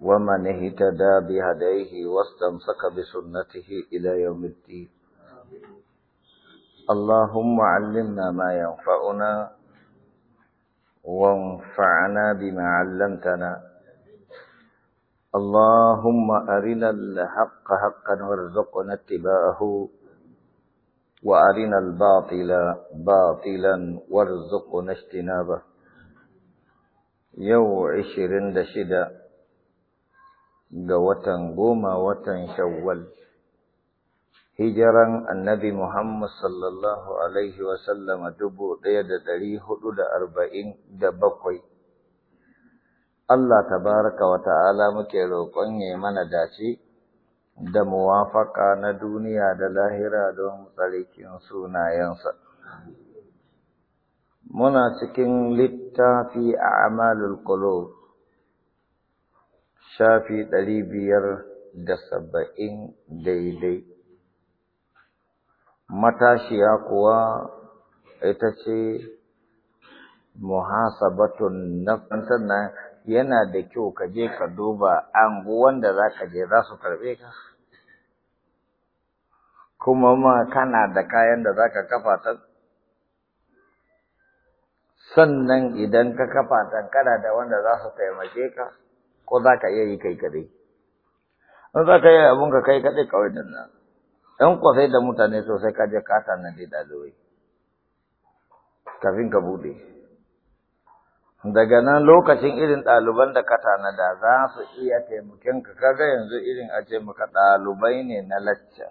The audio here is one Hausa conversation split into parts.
ومن اهتدى بهديه واستمسك بسنته إلى يوم الدين اللهم علمنا ما ينفعنا وانفعنا بما علمتنا اللهم أرنا الحق حقا وارزقنا اتباعه وأرنا الباطل باطلا وارزقنا اجتنابه يو عشرين دشدا ga watan goma watan shawwal hijiran annabi Muhammad sallallahu alaihi wa sallam dubu ɗaya da dari hudu da arba'in da bakwai Allah tabaraka wa ta'ala muke roƙon ya mana dace da muwafaka na duniya da lahira don tsarikin sunayensa. Muna cikin littafi a amalul qulub shafi ɗari biyar da saba'in daidai. Matashiya kuwa ita ce muhasabatun na yana da kyau ka je ka duba anguwan da za ka je za su karɓe ka. Kuma ma kana da kayan da za ka kafa ta sannan idan ka kafa ta kana da wanda za su taimake ka. ko za ka iya yi kai kaɗai in za ka iya abin ka kai kaɗai kawai din nan ɗan ko da mutane sosai ka je ka da ɗalibai kafin ka buɗe daga nan lokacin irin ɗaliban da ka tanada za su iya taimakonka kaga yanzu irin a ce maka ɗalibai ne na lacca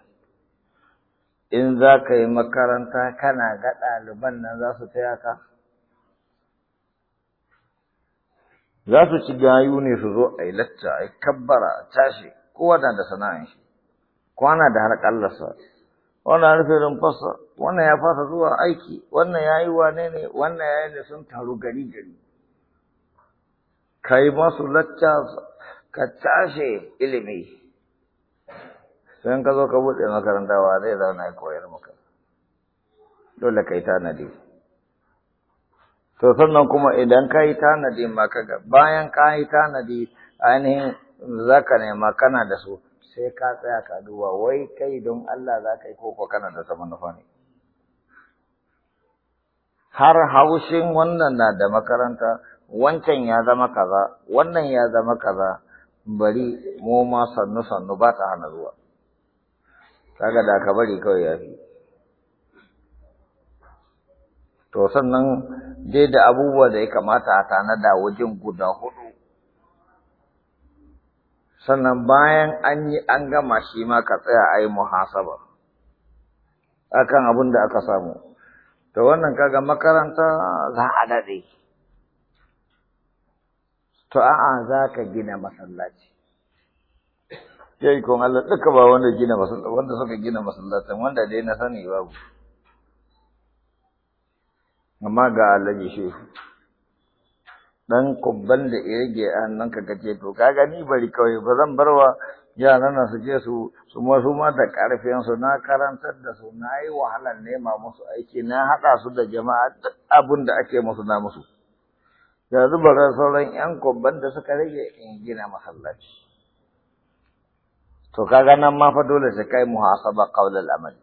in za ka yi makaranta kana ga ɗaliban nan za su taya ka za su ci gayu ne su zo a yi lacca a yi kabbara a tashi kowa na da sana'an shi kwana da har kallarsa wannan don fasa, wannan ya fasa zuwa aiki wannan ya yi wane ne wannan ya yi ne sun taru gari gari ka yi masu lacca ka tashi ilimi sai ka zo ka buɗe makaranta wa zai zauna ya koyar maka dole ka yi tanadi to sannan kuma idan ka yi tanadi ma ga bayan ka yi tanadi ainihin za ka nema kana da su sai ka tsaya ka duba wai kai don Allah za ka yi koko kana da sama nufa ne har haushin wannan na da makaranta wancan ya zama kaza wannan ya zama kaza bari mu ma sannu sannu ba ta hana zuwa kaga da ka bari kawai ya fi to sannan dai da abubuwa da ya kamata a tanada wajen guda hudu sannan bayan an yi an gama shi ma ka tsaya a yi muhasaba akan abin da aka samu to wannan kaga makaranta za a daɗe to a'a za ka gina masallaci Jai kon Allah duka ba wanda gina masallaci wanda suka gina masallacin wanda dai na sani babu amma ga alaji shehu dan kubban da ya rage a nan ka kace to kaga ni bari kawai ba zan barwa yaran nan su je su su ma su ma da karfin su na karantar da su na yi wahalar nema musu aiki na haɗa su da jama'a duk abin da ake musu na musu yanzu ba sauran yan kubban da suka rage in gina masallaci to kaga nan ma fa dole sai kai muhasaba qaulal amali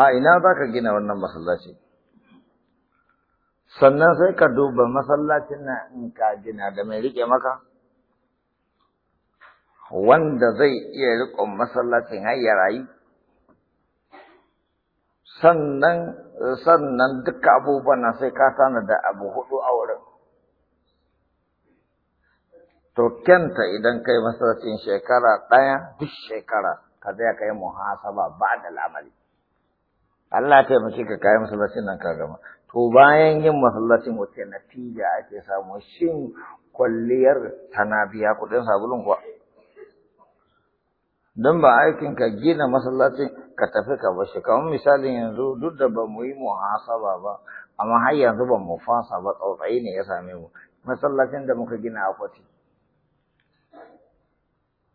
a ina zaka gina wannan masallaci sannan sai ka duba masallacin na in ka gina da mai rike maka wanda zai iya riƙon masallacin har ya rayu sannan sannan duka abubuwan nan sai ka tana da abu hudu a wurin to kenta idan kai masallacin shekara ɗaya duk shekara ka zai kai muhasaba ba da lamari Allah ya taimake ka kai masallacin nan ka gama to bayan yin masallacin wace natija ake samu shin kwalliyar tana biya kuɗin sabulun kuwa don ba aikin ka gina masallacin ka tafi ka bashi kamar misalin yanzu duk da ba mu yi muhasaba ba amma har yanzu ba mu fasa ba tsautsayi ne ya same mu masallacin da muka gina akwati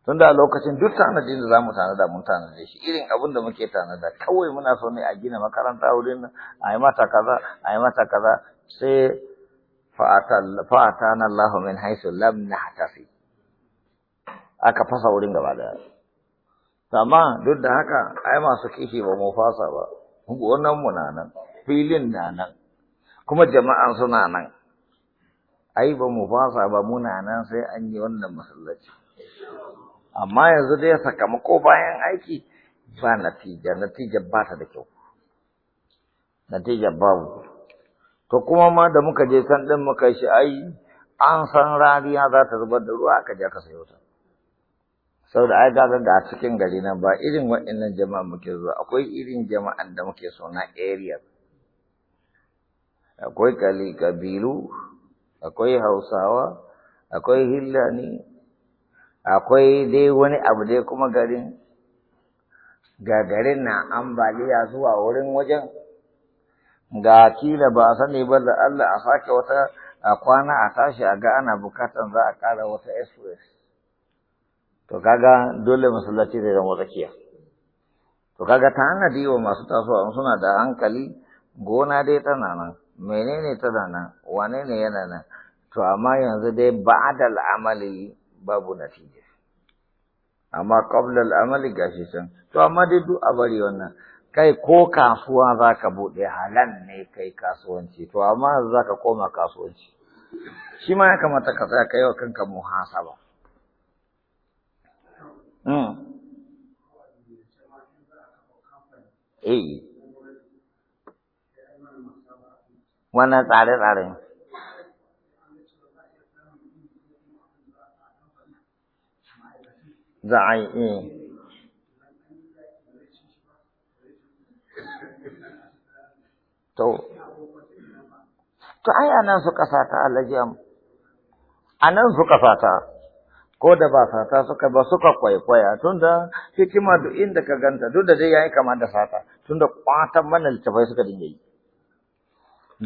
tun da lokacin duk tanadin da zamu tanada mun tanade shi irin abin da muke tanada kawai muna so ne a gina makaranta wurin nan a yi mata kaza a yi mata kaza sai na Allah min haisu lam na hatafi aka fasa wurin gaba daya amma duk da haka ai masu kishi ba mu fasa ba gonan mu na nan filin na nan kuma jama'an suna nan ai ba mu fasa ba muna nan sai an yi wannan masallaci amma yanzu dai sakamako bayan aiki ba natija natija ba ta da kyau natija babu to kuma ma da muka je can din muka shi ai an san rariya za ta zubar da ruwa aka je aka sayo ta saboda ai gagar da a cikin gari nan ba irin waɗannan jama'a muke zuwa akwai irin jama'an da muke so na area akwai kali kabilu akwai hausawa akwai hillani akwai dai wani abu dai kuma garin ga garin na ambaliya zuwa wurin wajen ga kila ba a sani ba da Allah a sake wata a kwana a tashi a ga ana bukatan za a kara wata SOS. To kaga dole masallaci zai zama tsakiya. To kaga ta hanadi wa masu tasowa suna da hankali gona dai tana nan, menene tana nan, wane ne yana nan. To amma yanzu dai ba'adal amali babu natija amma qabla al-amali gashi san to amma dai duk a bari wannan kai ko kasuwa zaka buɗe halan ne kai kasuwanci to amma zaka koma kasuwanci shi ma ya kamata ka tsaya kai wa kanka muhasaba mm eh wannan tsare-tsaren za a yi to to ai anan suka sata A anan suka sata ko da ba sata suka ba suka kwaikwaya tunda hikima duk inda ka ganta duk da dai yayi kama da sata tunda kwatan mana littafai suka dinga yi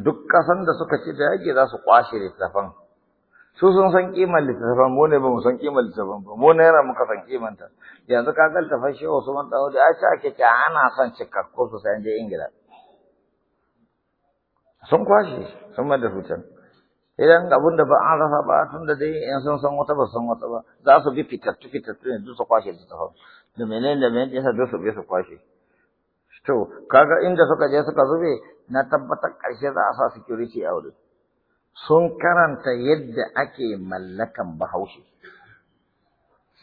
duk kasan da suka ci da yake za su kwashe littafan su sun san kimar littafan mu ne ba mu san kimar littafan ba mu ne yana muka san kimanta yanzu ka ga littafan shi Usman Dawud a ce ake ce ana son cikakku su sai je Ingila sun kwashe sun mai da hutan idan abun da ba an rasa ba tun da dai in sun san wata ba san wata ba za su bi fitattu fitattu ne duk su kwashe littattafan da menene da menene yasa duk su bi su kwashe to kaga inda suka je suka zube na tabbatar ƙarshe za a sa security a wurin sun karanta yadda ake mallakan bahaushe.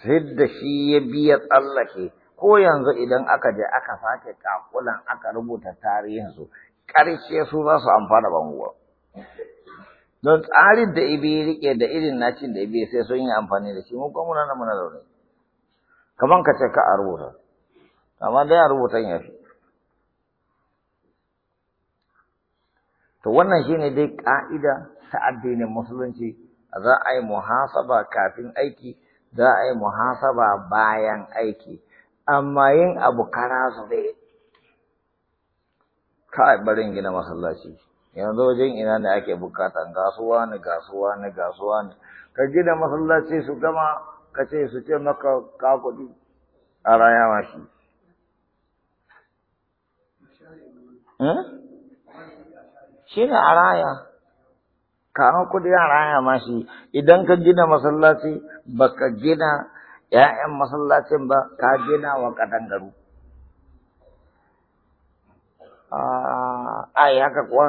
Sidda shi ya biya tsallake, ko yanzu idan aka je aka sake kakulan aka rubuta tarihinsu, ƙarshe su za su amfana banguwa. Don tsarin da ibi rike da irin nacin da ibi sai sun yi amfani da shi, mu kuma muna nan muna zaune. Kaman ka ce ka a rubuta, amma dai a rubutan ya fi. to wannan shine dai ka'ida ta addinin musulunci za a yi muhasaba kafin aiki za a yi muhasaba bayan aiki amma yin abu kara su dai barin gina masallaci yanzu wajen ina ne ake bukata gasuwa ne gasuwa ne gasuwa ne ka gina masallaci su gama ka ce su ce maka ka kuɗi a raya shi hmm? shi ne a raya kawo kudi a raya ma shi idan ka gina masallaci baka gina ‘ya'yan masallacin ba ka gina wa kadangaru a yi haka kuwa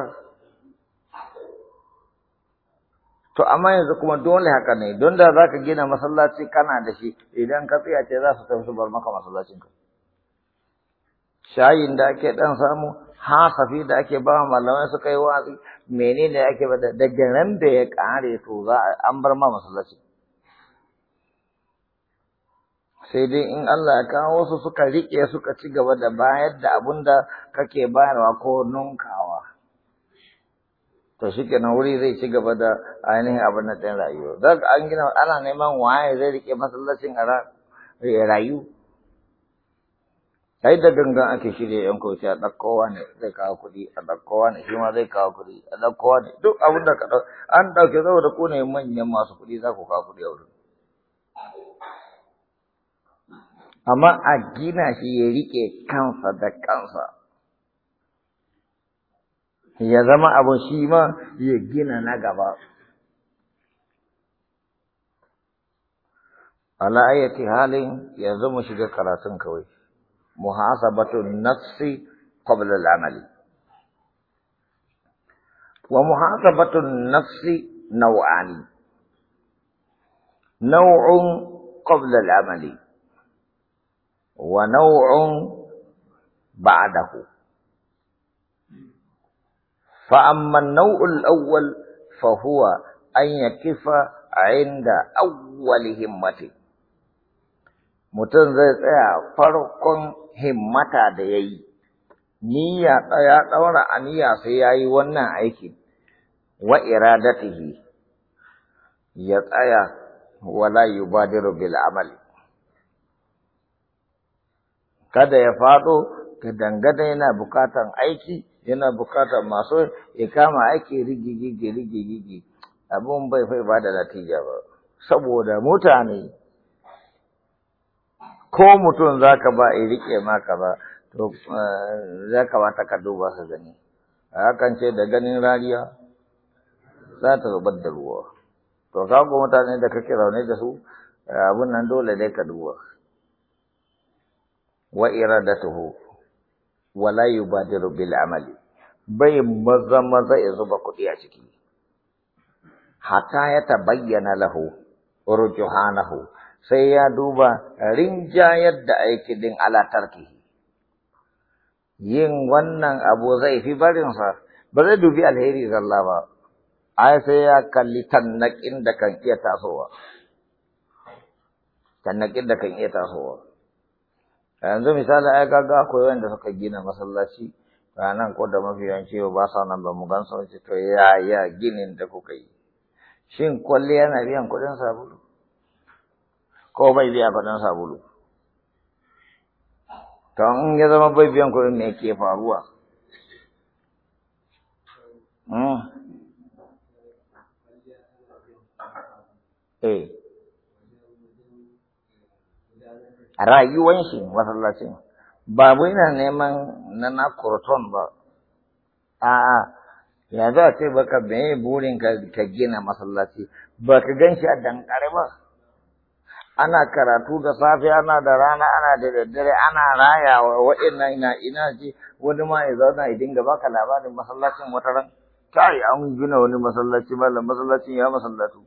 to amma yanzu kuma dole haka ne don da za ka gina masallaci kana da shi idan ka tsaya ce za su tafi su bar maka masallacin ka shayin da ake dan samu hasafi da ake ba malamai suka yi watsi menene ake ba da garan da ya kare to za an bar ma masallaci sai dai in Allah ya kawo su suka rike suka ci gaba da bayar da abun kake bayarwa ko nunkawa to shi kenan wuri zai ci gaba da ainihin abin na rayuwa za an gina ana neman waye zai rike masallacin a rayu sai da gangan ake shirya yan kauce a ɗaukowa ne zai kawo kuɗi a ɗaukowa ne shi ma zai kawo kuɗi a ɗaukowa ne duk abin da ka ɗau an ɗauke saboda ko ne manyan masu kuɗi za ku kawo kuɗi a wurin amma a gina shi ya riƙe kansa da kansa ya zama abin shi ma ya gina na gaba ala ayati halin yanzu mu shiga karatun kawai محاسبة النفس قبل العمل ومحاسبة النفس نوعان نوع قبل العمل ونوع بعده فأما النوع الأول فهو أن يكف عند أول همته متنزل فرق himmata da ya yi, niyya ya ɗaura aniya sai ya yi wannan aikin, wa iradatihi ya tsaya wala yubadiru bil amali. Kada ya faɗo ka dangada yana bukatan aiki, yana bukatan masu ya kama aiki rigigigi rigigigi abin bai fai ba da natija ba, saboda mutane ko mutum za ka ba in riƙe maka ba to za eh, ka ba ka duba su gani hakan ce da ganin rariya za ta zubar da ruwa to ka ko mutane da kake raune da su eh, abun nan dole dai ka duba wa iradatuhu la yubadiru bil amali bai maza maza ya zuba kuɗi a ciki hatta ya tabayyana lahu rujuhanahu sai ya duba rinjayar da aiki din ala tarkihi yin wannan abu zai fi barinsa ba zai dubi alheri zalla ba ai sai ya kalli tannakin da kan iya tasowa tannakin da kan iya tasowa yanzu misali ai kaga akwai wanda suka gina masallaci ranan ko da mafi yawanci ba sa nan ba mu gan sauci to ya ya ginin da kuka yi shin kwalliya na biyan kuɗin sabulu ko bai biya kuɗin sabulu to in ya zama bai biyan kuɗin me ke faruwa hmm? eh. a rayuwan shi masallacin ba neman na na kurton ba a yanzu a ce baka me burin ka gina masallaci baka gan shi a dankare ba ana karatu da safe ana da rana ana da daddare ana rayawa wa'annan ina ina ce wani ma ya zauna ya dinga baka labarin masallacin wata ran kai an gina wani masallaci malam masallacin ya masallatu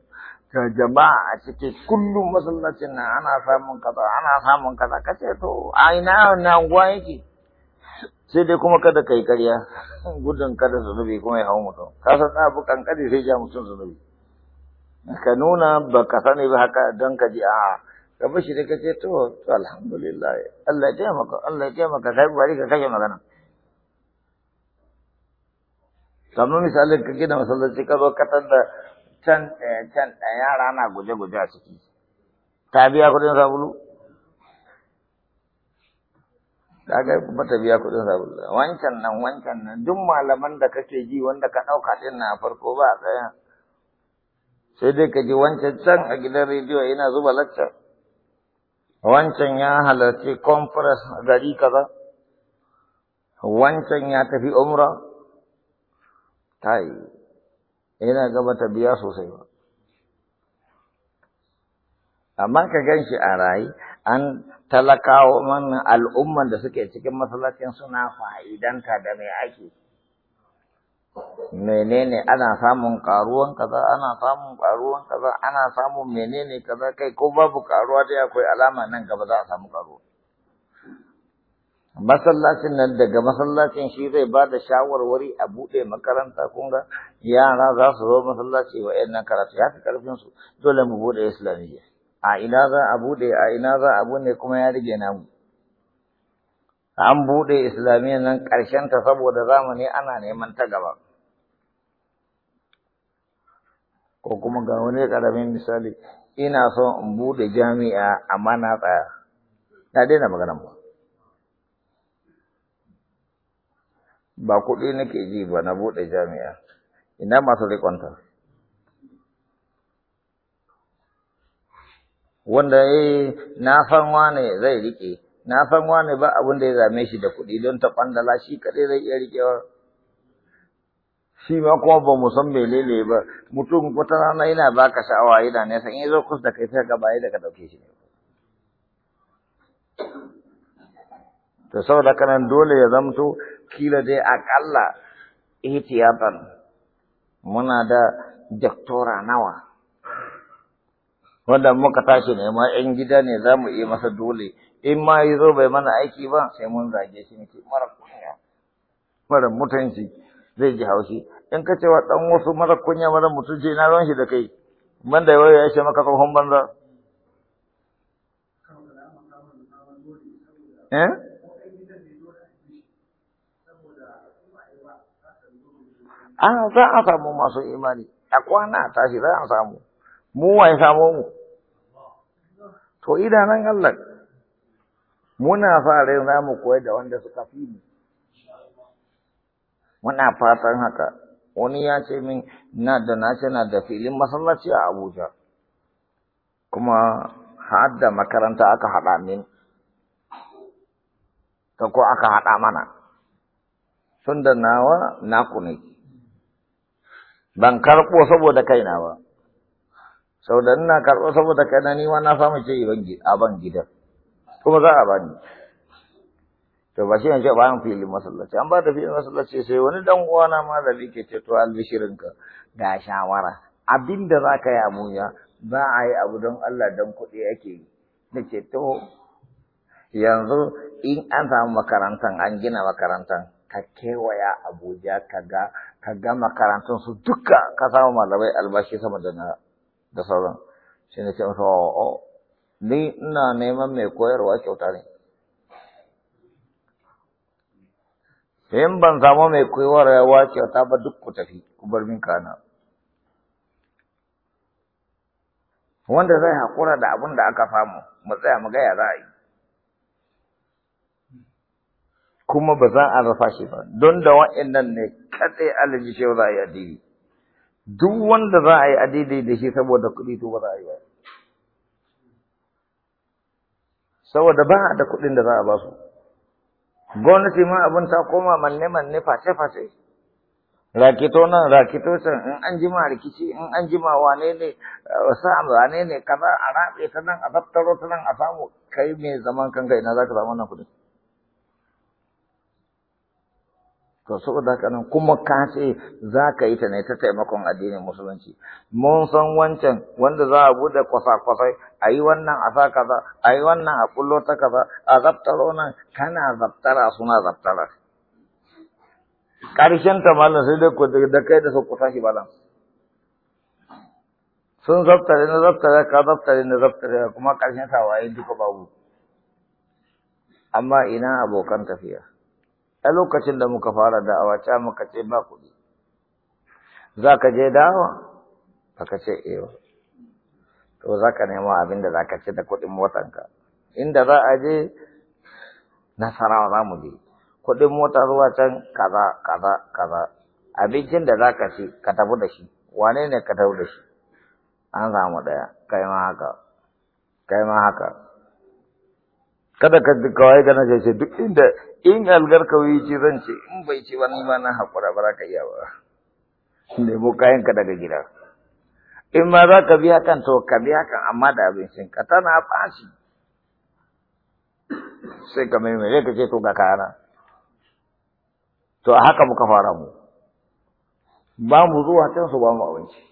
ta jama'a a cikin kullum masallacin nan ana samun kaza ana samun kaza kace to a ina na unguwa yake sai dai kuma kada kai karya gudun kada zunubi kuma ya hau mutum ka san abu kankare sai ja mutum zunubi ka nuna ba ka sani ba haka don ka ji a ka bashi da ka ce to alhamdulillah Allah ya taimaka Allah ya taimaka kai bari ka kashe magana kamar misali ka gina masallaci ka zo ka tanda can eh, can eh, yara na guje-guje a ciki ta biya kuɗin sabulu ta ga ba ta biya kuɗin sabulu wancan nan wancan nan duk malaman da kake ji wanda ka ɗauka ɗin na farko ba a tsaya sai dai ka ji wancan can a gidan rediyo yana zuba lacca wancan ya halarci conference gari kaza wancan ya tafi umra tai yana gaba ta biya sosai ba amma ka gan shi a rayi an talakawa wannan al'umman da suke cikin masallacin suna fa'idanta da mai ake menene ana samun karuwan kaza ana samun karuwan kaza ana samun menene kaza kai ko babu karuwa dai akwai alama nan gaba za a samu karuwa masallacin nan daga masallacin shi zai ba da shawarwari a buɗe makaranta kun ga yara za su zo masallaci wa 'yan nan karatu ya fi karfin su dole mu buɗe islamiyya a ina za a buɗe a ina za a bude kuma ya rige namu an buɗe islamiyya nan ta saboda zamani ana neman ta gaba ko kuma ga wani ƙaramin misali ina so in buɗe jami'a amma na tsaya na daina magana ba ba kuɗi nake ji ba na buɗe jami'a ina masu rikonta wanda eh, na san wane zai riƙe na san wane ba abin da ya zame shi da kuɗi don ta ƙwandala shi kaɗai zai iya rikewa shi ma kuma ba mu san lele ba mutum wata rana yana baka sha'awa yana nesa in zo kus da kai sai ka bayi da ka ɗauke shi to saboda haka nan dole ya zamto kila dai aƙalla ihtiyatan muna da daktora nawa wanda muka tashi nema 'yan gida ne za mu iya masa dole in ma yi zo bai mana aiki ba sai mun zage shi muke mara kunya mara mutunci zai ji haushi in ka cewa dan wasu mara kunya mara mutunci na ran shi da kai da yau ya ce maka kafin banza eh An za a samu masu imani a kwana tashi za a samu mu wai samu mu to idanan Allah muna sa yin za mu koyar da wanda suka fi mu muna fatan haka wani ya ce min na da na ce na da filin masallaci a Abuja kuma har da makaranta aka haɗa min ta ko aka haɗa mana sun da nawa naku ne ban karɓo saboda kaina ba sau da ina karɓo saboda kaina ni ma na samu ce a ban gidan kuma za a bani to ba shi ne ce bayan filin masallaci an ba da filin masallaci sai wani dan uwana malami ke ce to ka ga shawara abin da za ka yi amuya ba a yi abu don Allah dan kuɗi ake yi na ce to yanzu in an samu makarantan an gina makarantan ka kewaya Abuja ka ga ka ga makarantun su duka ka samu malamai albashi sama da na da sauran shi ne ce masa oh, oh, oh. ni ina neman mai koyarwa kyauta ne in ban samu mai koyarwa kyauta ba duk ku tafi ku bar min kana wanda zai haƙura da abin da aka famu, mu tsaya mu gaya za a yi kuma ba za a rafa shi ba don da wa'annan ne kaɗai alaji shi za a yi addini duk wanda za a yi addini da shi saboda kuɗi to ba za a yi ba saboda ba da kuɗin da za a ba su gwamnati ma abin ta koma manne manne face face rakito nan rakito can in an ma rikici in an ma wane ne sa wane ne kaza a rabe ta nan a tattaro ta nan a samu kai mai zaman kanka ina za ka zama wannan kuɗin to saboda haka nan kuma ka ce za ka yi ta ne ta taimakon addinin musulunci mun san wancan wanda za a bude kwasa-kwasai a yi wannan a sa kaza a yi wannan a kullo ta kaza a zaftaro nan kana zaftara suna zaftara ƙarshen ta malam sai dai da kai da su kusa shi balan sun zaftare na zaftare ka zaftare na zaftare kuma ƙarshen ta waye duka babu amma ina abokan tafiya a lokacin da muka fara da'awa ca muka ce ba kuɗi za ka je da'awa ka ce ewa eh to za ka nemo abin da za ka ce da kuɗin motanka inda za a je nasarawa za mu je kuɗin mota zuwa can kaza kaza kaza abincin da za ka ci ka tafi da shi wane ne ka tafi da shi an samu ɗaya kai ma haka kai ma haka kada ka kawai kana ka ce duk inda in algar kawai ce zan ce in bai ce wani ma na haƙura ba ka iya ba nemo kayan ka daga gida in ma za ka biya kan to ka biya kan amma da abincin ka tana ɓaci sai ka mai ka ce to ga kana to a haka muka fara mu ba mu zuwa can su ba mu abinci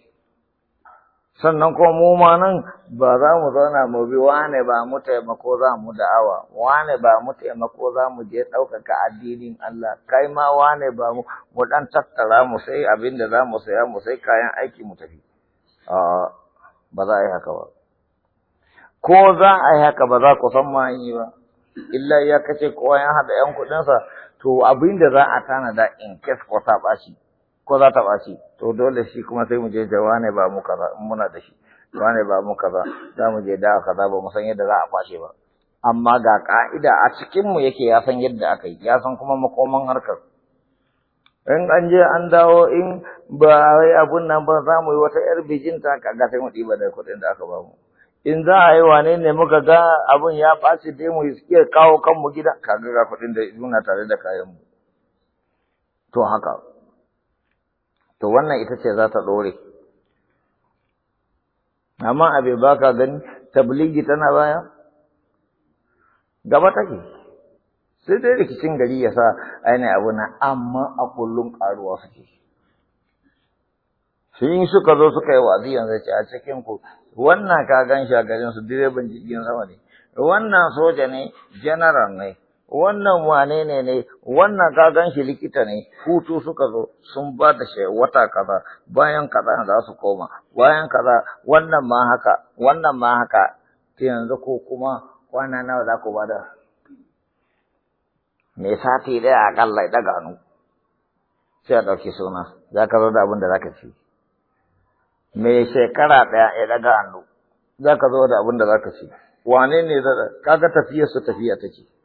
sannan kuma mu ma nan ba za mu zauna mu bi wane ba mu taimako za mu da'awa wane ba mu taimako za mu je ɗaukaka addinin Allah kai ma wane ba mu mu dan tattara mu sai abin da za mu saya mu sai kayan aiki mu tafi ba za a yi haka ba ko za a yi haka ba za ku san ma yi ba illa ya kace kowa ya haɗa 'yan kuɗinsa to abin da za a tanada in kes ko ta ko za ta ɓaci to dole shi kuma sai mu je jawa ne ba mu kaza in muna da shi jawa ba mu kaza za mu je da kaza ba mu san yadda za a kwashe ba amma ga ka'ida a cikin mu yake ya san yadda aka yi ya san kuma makoman harkar in an je an dawo in ba wai abun nan ba za mu yi wata yar bijinta kaga sai mu ɗiba da kuɗin da aka ba mu in za a yi wane ne muka ga abun ya ɓaci dai mu iya kawo kanmu gida kaga ga kuɗin da suna tare da kayan mu to haka to wannan ita ce za ta ɗore amma abin ba ka gani tabligi tana baya gaba take sai dai rikicin gari ya sa ainihin abu na amma a kullum ƙaruwa suke sun suka zo suka yi wazi yanzu ce a cikin ku wannan ka gan shi a garin su direban jirgin sama ne wannan soja ne general ne wannan wane ne ne wannan ka gan shi likita ne hutu suka zo sun ba da shi wata kaza bayan kaza za su koma bayan kaza wannan ma haka wannan ma haka ta yanzu ko kuma kwana nawa za ku bada me sati da akalla ya daga hannu sai a ɗauki suna za ka zo da abin da za ka ci me shekara ɗaya ya da gano za ka zo da abin da za ka ci wane ne da kaga tafiyar su tafiya take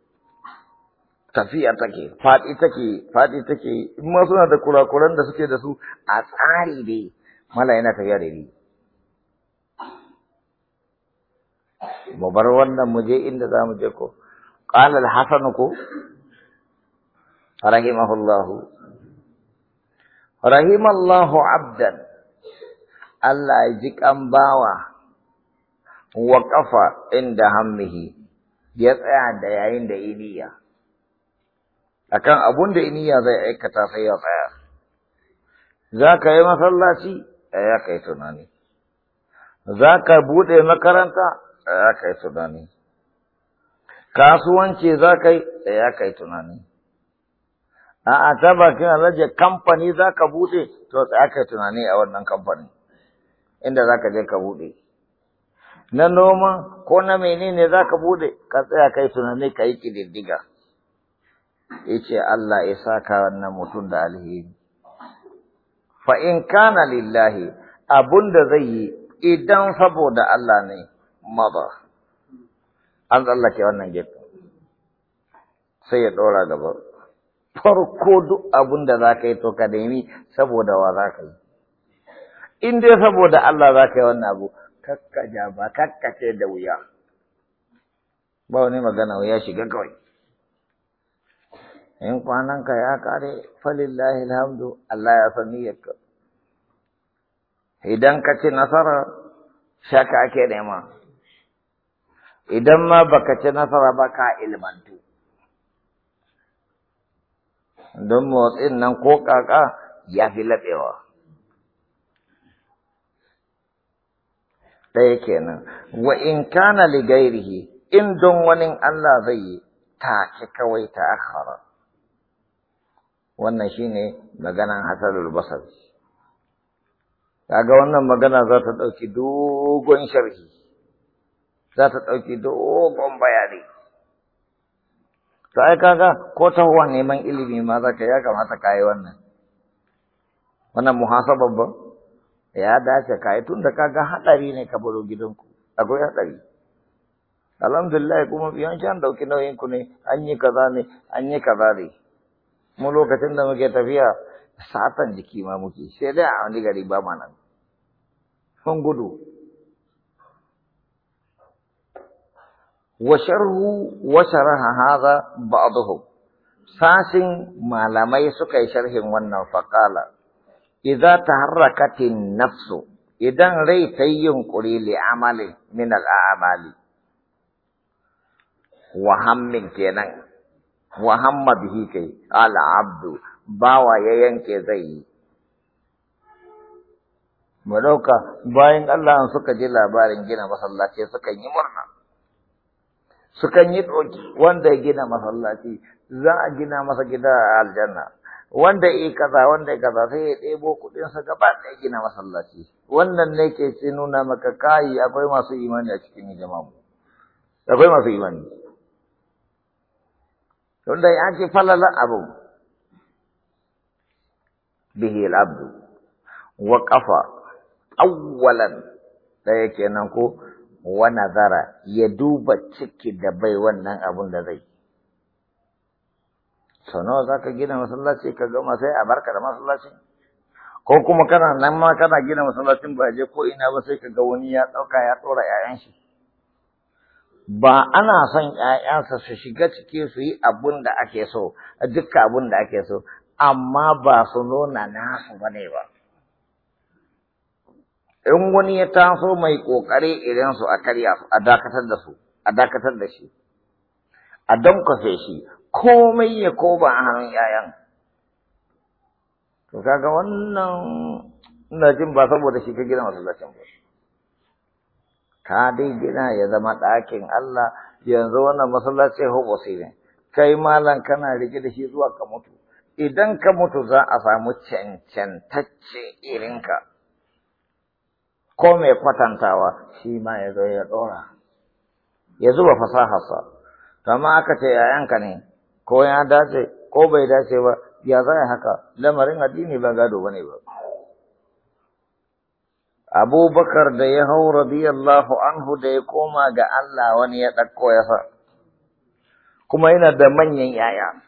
tafiya take faɗi take faɗi take in ma suna da kurakuran da suke da su a tsari dai mala yana tafiya da ni mu bar wannan mu je inda za mu je ko qala al-hasan ko rahimahullahu rahimallahu abdan Allah ya ji kan bawa wa kafa inda hammihi ya tsaya da yayin da iliya akan abun da iniya zai aikata sai ya tsaya za ka yi masallaci ya ka yi tunani za ka buɗe makaranta ya ka yi tunani kasuwanci za ka yi ya ka yi tunani a'a ta bakin alaje kamfani za ka buɗe to tsaya ka yi tunani a ah, wannan ah, kamfani. inda za ka je ka buɗe na noma ko na menene za ka buɗe ka tsaya ka yi tunani ka yi ƙididdiga yace Allah ya saka wannan mutum da alheri fa in kana lillahi abunda zai yi idan saboda Allah ne maba an tsallake wannan gefe sai ya dora gaba farko duk abunda za ka yi to ka nemi saboda wa za ka yi in dai saboda Allah za ka yi wannan abu kakkaja ba kakkace da wuya ba wani magana wuya shiga kawai in kwananka ya kare falillahi alhamdu Allah ya san niyyarka idan ka ci nasara shaka ake nema idan ma baka ci nasara ba ka ilmantu don motsin nan ko kaka ya fi laɓewa ɗaya kenan wa in kana li in don wani Allah zai yi take kawai ta akhara wannan shine maganan hasanul basari kaga wannan magana za ta ɗauki dogon sharhi za ta ɗauki dogon bayani to kaga ko ta huwa neman ilimi ma za ka ya kamata ka yi wannan wannan muhasaba ba ya dace ka yi tun da kaga haɗari ne ka baro gidanku akwai haɗari alhamdulillah kuma biyan shan dauki nauyin ku ne an yi kaza ne an yi kaza ne mu lokacin da muke tafiya satan jiki ma muke sai dai a wani gari ba ma nan mun gudu wa sharhu wa sharaha hadha ba'dahu sashin malamai suka yi sharhin wannan faqala idza taharrakatin nafsu idan rai ta yi yunƙuri amali min al'amali wa hammin kenan Muhammad Hike bihi abdu bawa ya yanke zai yi Madauka bayan Allah suka ji labarin gina masallaci sukan yi murna sukan yi ɗoki wanda ya gina masallaci za a gina masa gida a aljanna wanda ya kaza wanda ya kaza sai ya ɗebo kuɗinsa gaba ɗaya gina masallaci wannan ne ke ce nuna maka kayi akwai masu imani a cikin jama'a akwai masu imani tunda ya ake falala abu bihi wa ƙafa awwalan ɗaya kenan ko wa nazara ya duba ciki da bai wannan abun da zai sano za ka gina masallaci ka gama sai a barka da masallaci ko kuma kana nan ma kana gina masallacin ba je ko ina ba sai ka ga wani ya ɗauka ya tsora 'ya'yan shi ba ana son ‘ya'yansa su shiga ciki su yi abun da ake so, dukkan abun da ake so, amma ba su nuna nasu ba ne ba. In wani ya taso mai ƙoƙari idan su a karya su, a dakatar da su, a dakatar da shi, a kwafe shi, komai ya koba a hannun ‘ya'yan. To kaga wannan ina ba saboda shi ka gina masallacin ba. ka dai gina ya zama ɗakin Allah yanzu wannan masallaci sai ne kai malam kana rike da shi zuwa ka mutu idan ka mutu za a samu cancantacce irinka ko mai kwatantawa shi ma ya zo ya ɗora ya zuba fasaharsa amma aka ce yayanka ne ko ya dace ko bai dace ba ya za haka lamarin addini ba gado bane ba abubakar da ya hau radiyallahu anhu da ya koma ga Allah wani ya ɗakko ya sa kuma yana da manyan yaya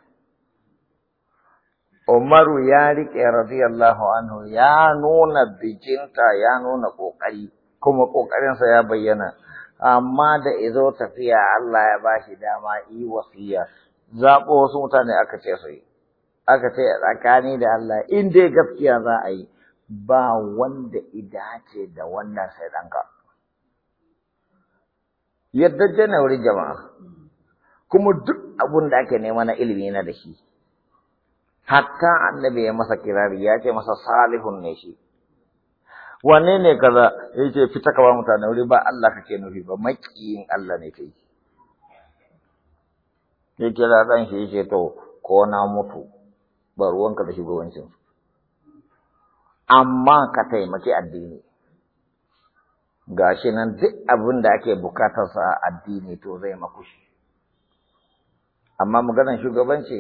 Umaru ya riƙe radiyallahu anhu ya nuna bijinta ya nuna ƙoƙari kuma ƙoƙarinsa ya bayyana amma da izo tafiya Allah ya bashi dama yi wasiya zaɓo wasu mutane aka ce su aka ce tsakani da Allah in dai gaskiya za a yi ba wanda idace da wannan sai ɗanka. Yadda jana wuri jama'a, kuma duk abun da ake nema na ilimi na da shi, hatta annabi ya masa kirari ya ce masa salihun ne shi. Wane ne kaza ya ce fita ka ba mutane wuri ba Allah kake nufi ba maƙiyin Allah ne kai. Ya kira ɗan shi ya ce to ko na mutu ba ruwanka da shugabancinsu. amma ka taimaki addini gashi nan duk abin da ake bukatarsa a addini to zai maku shi amma maganar shugabanci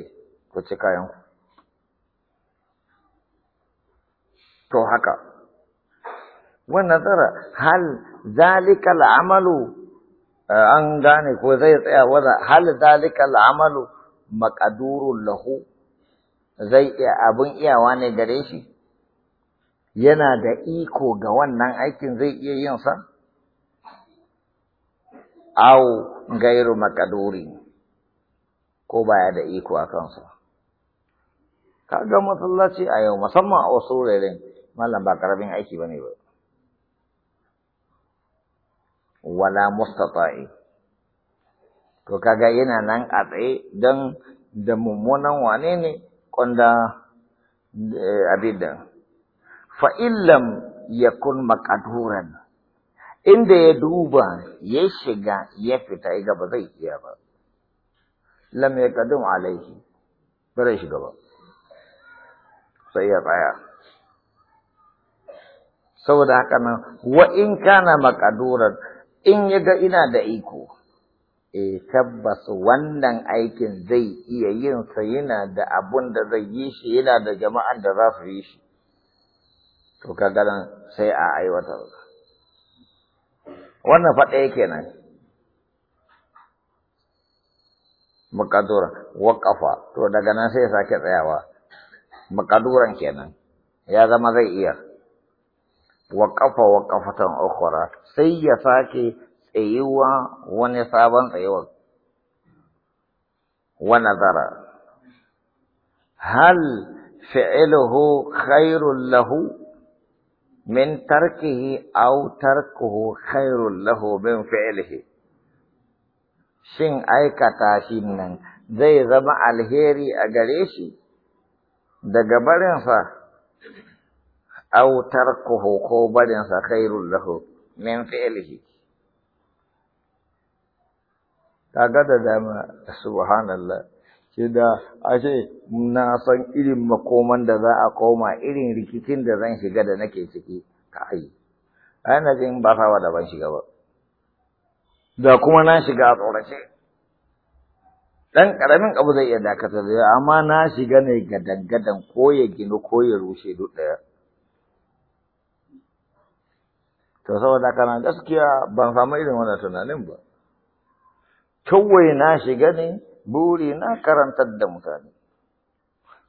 ku ci kayanku to haka wannan tsara hal zalika al'amalu eh, an gane ko zai tsaya wada hal zalika al'amalu maqadurun lahu zai iya abun iyawa ne gare shi yana da iko ga wannan aikin zai iya yin sa? Au gairu makaduri ko baya da iko a kansa. Kaga masallaci a yau musamman a wasu wuraren mallam ba karamin aiki ba ne ba. Wala mustata'i. To kaga yana nan a tsaye don da mummunan wane ne kwanda eh, abin da. fa illam yakun makaduran, inda ya duba ya shiga ya fita ya ba zai iya ba lam ya yaqdum alaihi ba zai shiga sai ya tsaya saboda haka nan wa in kana makaduran in ya ga ina da iko e tabbas wannan aikin zai iya yin sa yana da abun da zai yi shi yana da jama'an da za su yi shi to kaga sai a aiwatar wannan faɗa yake nan makadura waƙafa to daga nan sai ya sake tsayawa makaduran kenan ya zama zai iya waƙafa waƙafatan ukhra sai ya sake tsayuwa wani sabon tsayuwa wa nazara hal fi'luhu khairul lahu من تركه أو تركه خير له من فعله shin aikata shi nan zai zama alheri a gare shi daga barinsa au tarkuhu ko barinsa khairul lahu min fi'lihi kaga da dama subhanallah ce da ashe na san irin makoman da za a koma irin rikicin da zan shiga da nake ciki ka ai na jin ba sawa da ban shiga ba da kuma na shiga a tsorace dan karamin abu zai iya dakatar da amma na shiga ne ga dangadan ko ya gino, ko ya rushe duk daya to saboda kana gaskiya ban samu irin wannan tunanin ba kawai na shiga ne buri na karantar da mutane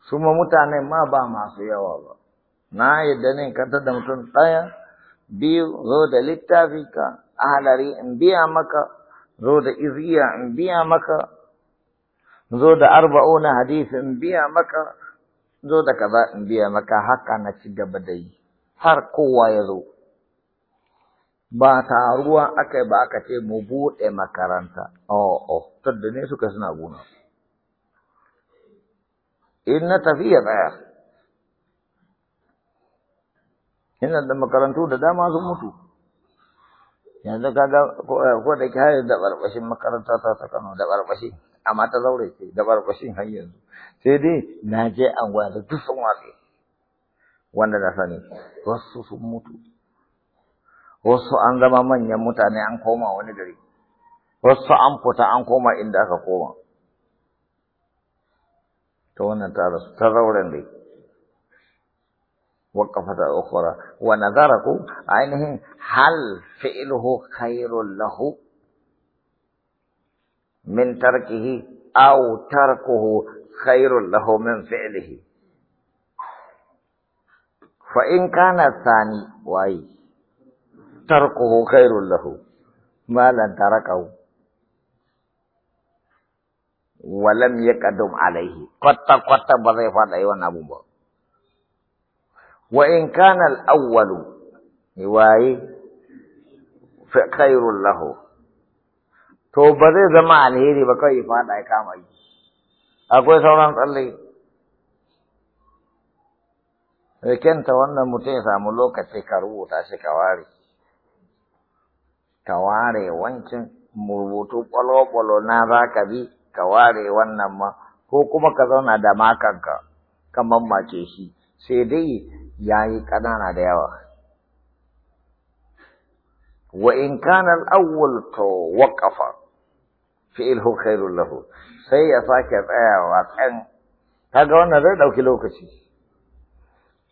suma mutane ma ba masu yawa ba na yadda ne karantar da mutum ɗaya biyu zo da littafi ka ahalari in biya maka zo da iziya in biya maka zo da arba'una hadisi in biya maka zo da kaza in biya maka haka na ci gaba da yi har kowa ya zo ba taruwa aka ba aka ce mu buɗe makaranta o'o oh, oh, tadda ne suka suna gona in na tafi ya tsaya ina da makarantu da dama sun mutu yanzu kaga eh, ko da ke hayar da barbashin makaranta ta ta kano da barbashi amma ta zaure ce da barbashin har yanzu sai dai na je an gwada duk sun wanda na sani wasu sun mutu wasu an zama manyan mutane an koma wani dare wasu an fita an koma inda aka koma. Ta wannan ta rasu, ta zauren dai, waƙafa ta ƙwara, wa nazara ku ainihin hal fi'iluhu kairu lahu min tarkihi aw tarkuhu kairu lahu min fi'lihi. Fa in kana sani waye. تركه خير له ما لن تركه ولم يقدم عليه قط قط بضيفة أيوان أبو بكر وإن كان الأول يواي فخير له تو بذي زمان هيري بكو يفاد اي كام اي اكو سوران صلي لكن تو ان متي سامو لو كتي كارو تا ka ware wancin rubutu ƙwalo-ƙwalo na za ka bi ka ware wannan ma ko kuma ka zauna da makanka ka mammace shi sai dai ya yi ƙanana da yawa wa in kana al-awwal to fi fi'luhu khairun lahu sai ya sake tsayawa kan ga wannan zai ɗauki lokaci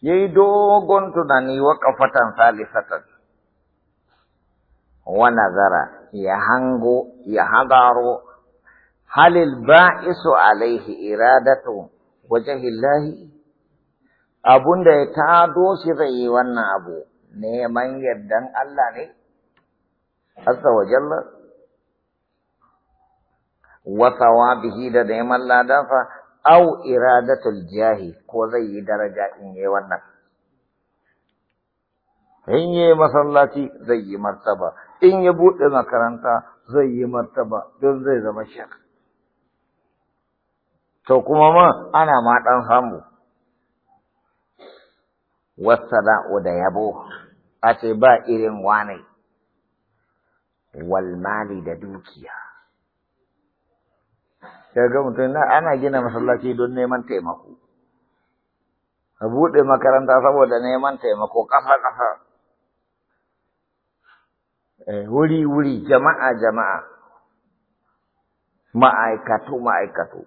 Ya yi dogon tunani waƙafatan salisatan wa nazara ya hango ya hadaro ba iso alaihi iradatu wajhillahi abunda ya tado shi zai yi wannan abu neman yardan Allah ne azza wa jalla wa thawabihi da neman ladansa au iradatul jahi ko zai yi daraja in yi wannan in masallaci zai yi martaba in ya buɗe makaranta zai yi martaba don zai zama shek. To kuma ma ana ma ɗan samu. Wasada'u da yabo, a ce ba irin wane, walmali da dukiya. Daga mutum na ana gina masallaci don neman taimako. A buɗe makaranta saboda neman taimako ƙasa-ƙasa. wuri-wuri jama'a-jama'a ma'aikatu-ma'aikatu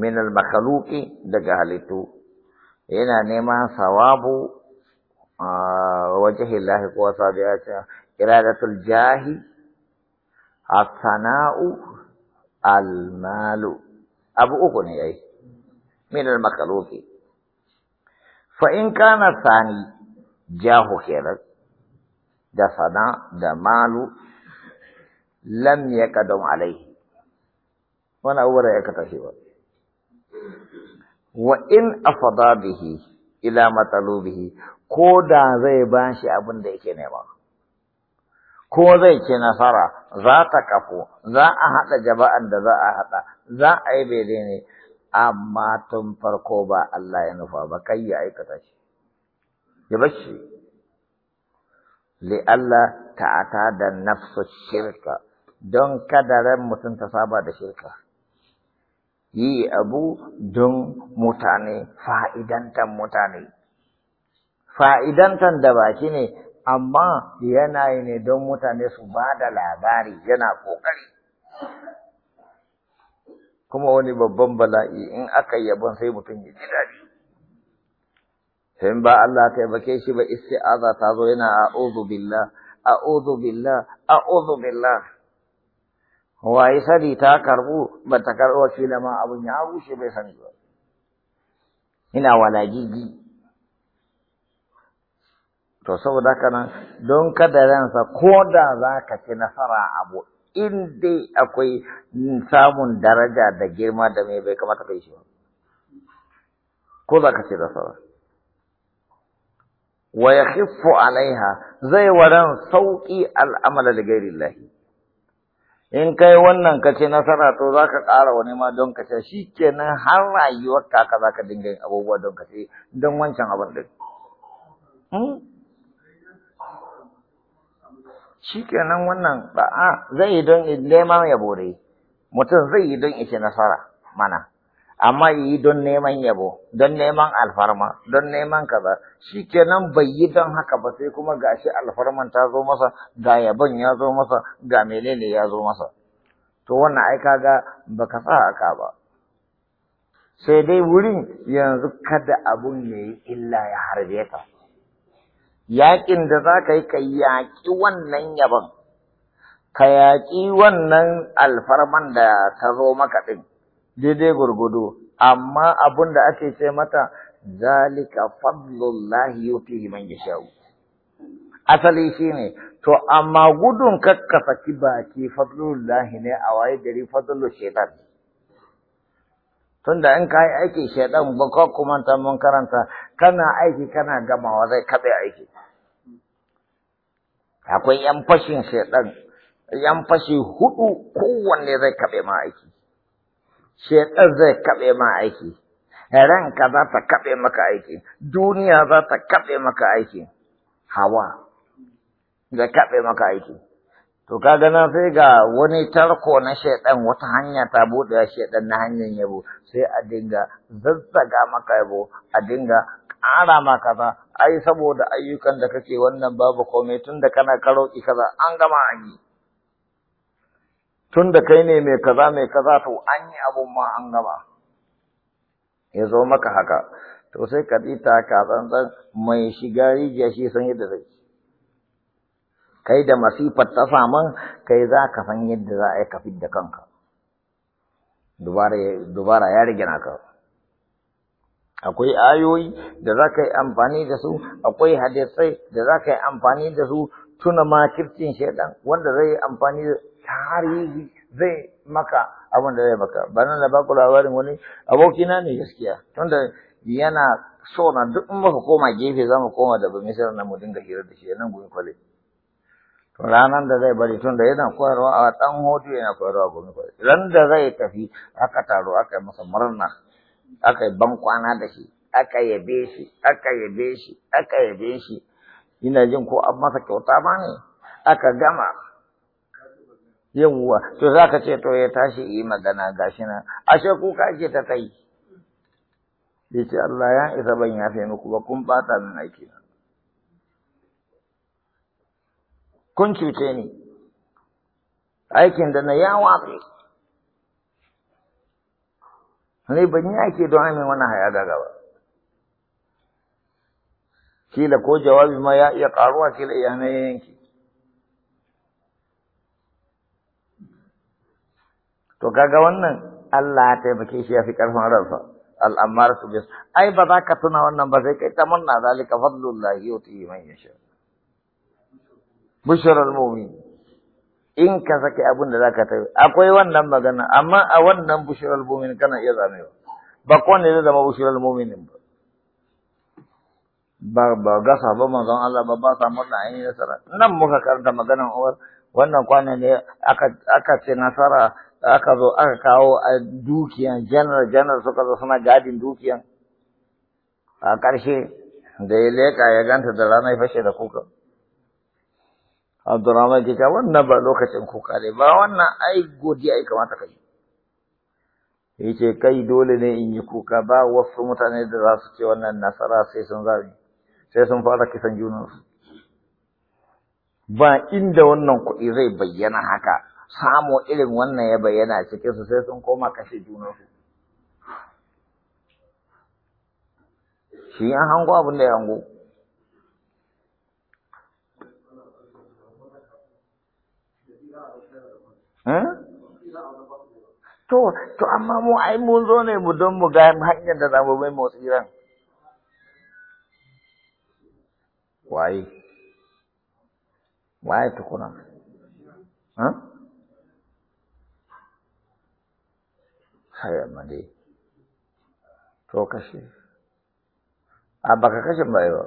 minal makhluqi daga halittu yana nema sawabu uh, wajihillahi ko sabiya ce iradatul jahi asana'u al-malu abu uku ne yayi minal makhluqi fa in kana sani jahu kenan da sana da malu lam ya kadon alaihi wani abubuwa ya kata shi ba wa in afada bihi ila matsalubihi ko da zai ba shi abin da yake nema ko zai ci nasara za ta kafu za a haɗa jama'an da za a haɗa za a yi daidai ne amma tun farko ba Allah ya nufa ba kai ya aikata shi ya bar shi li li'alla ata da nafsu shirka don kada ran mutum ta saba da shirka yi abu don mutane fa'idantan mutane fa'idantan da baki ne amma yanayi ne don mutane su ba da labari yana ƙoƙari kuma wani babban bala'i in aka yabon sai mutum ya ji daɗi in ba Allah taimake shi ba isti'aza ta zo yana a'udhu billah a'udhu billah a'udhu billah waye sani ta karbu ba ta karbo da ma abun ya rushe bai sani ba ina walagigi to saboda haka nan don kada ransa ko da za ka ci nasara abu in dai akwai samun daraja da girma da mai bai kamata kai shi ba ko za ka ci nasara wa yakhiffu alaiha zai waran sauki al'amala da gairillahi in kai wannan ka ce nasara to za ka ƙara wani ma don ka ce shi nan har rayuwar ka za ka dinga yin abubuwa don ka ce don wancan abin ɗin. Hmm? Shi kenan wannan ba'a zai yi don neman ya bore, mutum zai yi don ce nasara mana. amma yi don neman yabo don neman alfarma don neman kaza shi kenan bai yi don haka ba sai kuma gashi alfarman ta zo masa ga yabon ya zo masa ga menene ya zo masa to wannan ai kaga ka sa haka ba sai dai wurin yanzu kada abun ya yi illa ya harbe ka yaƙin da za ka yi ka yaƙi wannan yabon ka yaƙi wannan alfarman da ta zo maka ɗin daidai gwargwado amma abun da ake ce mata zalika fadlullahi yutihi man yasha'u asali shine to amma gudun kakkafa baki fadlullahi ne a waye gari fadlul shaitan tunda in kai aiki shaitan ba ko kuma ta mun karanta kana aiki kana gamawa zai kabe aiki akwai yan fashin shaitan yan fashi hudu kowanne zai kabe ma aiki Shaitan zai kaɓe ma aiki, ranka za ta kaɓe maka aiki, duniya za ta kaɓe maka aiki, hawa zai kaɓe maka aiki. To kaga na sai ga wani tarko na shaiɗan wata hanya ta buɗe shaiɗan na hanyar yabo sai a dinga zazzaga maka yabo a dinga ƙara ma kaza ai saboda ayyukan da kake wannan babu komai tunda da kana karoki kaza an gama an yi. tun da kai ne mai kaza mai kaza to an yi abun ma an gama ya zo maka haka to sai ka ta ka tsantsan mai shiga rijiya shi san yadda zai kai da masifar ta saman kai za ka san yadda za a yi ka da kanka dubara ya rigina naka akwai ayoyi da za ka yi amfani da su akwai hadisai da za ka yi amfani da su tuna makircin shaidan wanda zai yi amfani tarihi zai maka abin da zai maka ba nan da baku labarin wani abokina ne gaskiya tunda yana so na duk in baka koma gefe za mu koma da bamisar nan mu dinga hira da shi nan gurin kwale to ranar da zai bari tunda yana koyarwa a dan hoto yana koyarwa gurin kwale ran da zai tafi aka taro aka yi masa murna aka yi ban kwana da shi aka yabe shi aka yabe shi aka yabe shi ina jin ko an masa kyauta ma ne aka gama yawwa to za ka ce to ya tashi yi magana gashi nan ashe kuka ke ta kai ya ce Allah ya isa ban yafe muku ba kun bata min aiki kun cuce ni aikin da na ya watsi ne ban yi aiki don amin wani haya gaba kila ko jawabi ma ya iya karuwa kila iya hana yanki to kaga wannan Allah ya taimake shi ya fi karfin ransa al'ammar su bis ai ba za ka tuna wannan ba sai kai ta munna zalika fadlullah yuti man yasha bushral mu'min in ka sake abin da ka tayi akwai wannan magana amma a wannan bushral mu'min kana iya zamewa ba Ba kone ne zama bushral mu'minin ba ba ba gasa ba manzon Allah ba ba sa murna ayi nasara nan muka karanta maganan uwar wannan kwana ne aka ce nasara aka zo aka kawo a dukiyan janar janar suka zo suna gadin dukiyan a ƙarshe da ya leƙa ya ganta da rana ya fashe da kuka Abdurrahman ke ta wannan ba lokacin kuka ne ba wannan ai godiya ai kamata kai ce kai dole ne in yi kuka ba wasu mutane da za su ce wannan nasara sai sun zabi sai sun fara kisan junansu ba inda wannan kuɗi zai bayyana haka samu irin wannan ya bayyana cikin e su sai sun koma kashe junansu shi an hango abin da ya hango to to amma mu ai mun zo ne mu don mu ga hanyar da zamu bai motsi ran waye waye tukuna ha haya dai. to kashe a baka kashe mai ba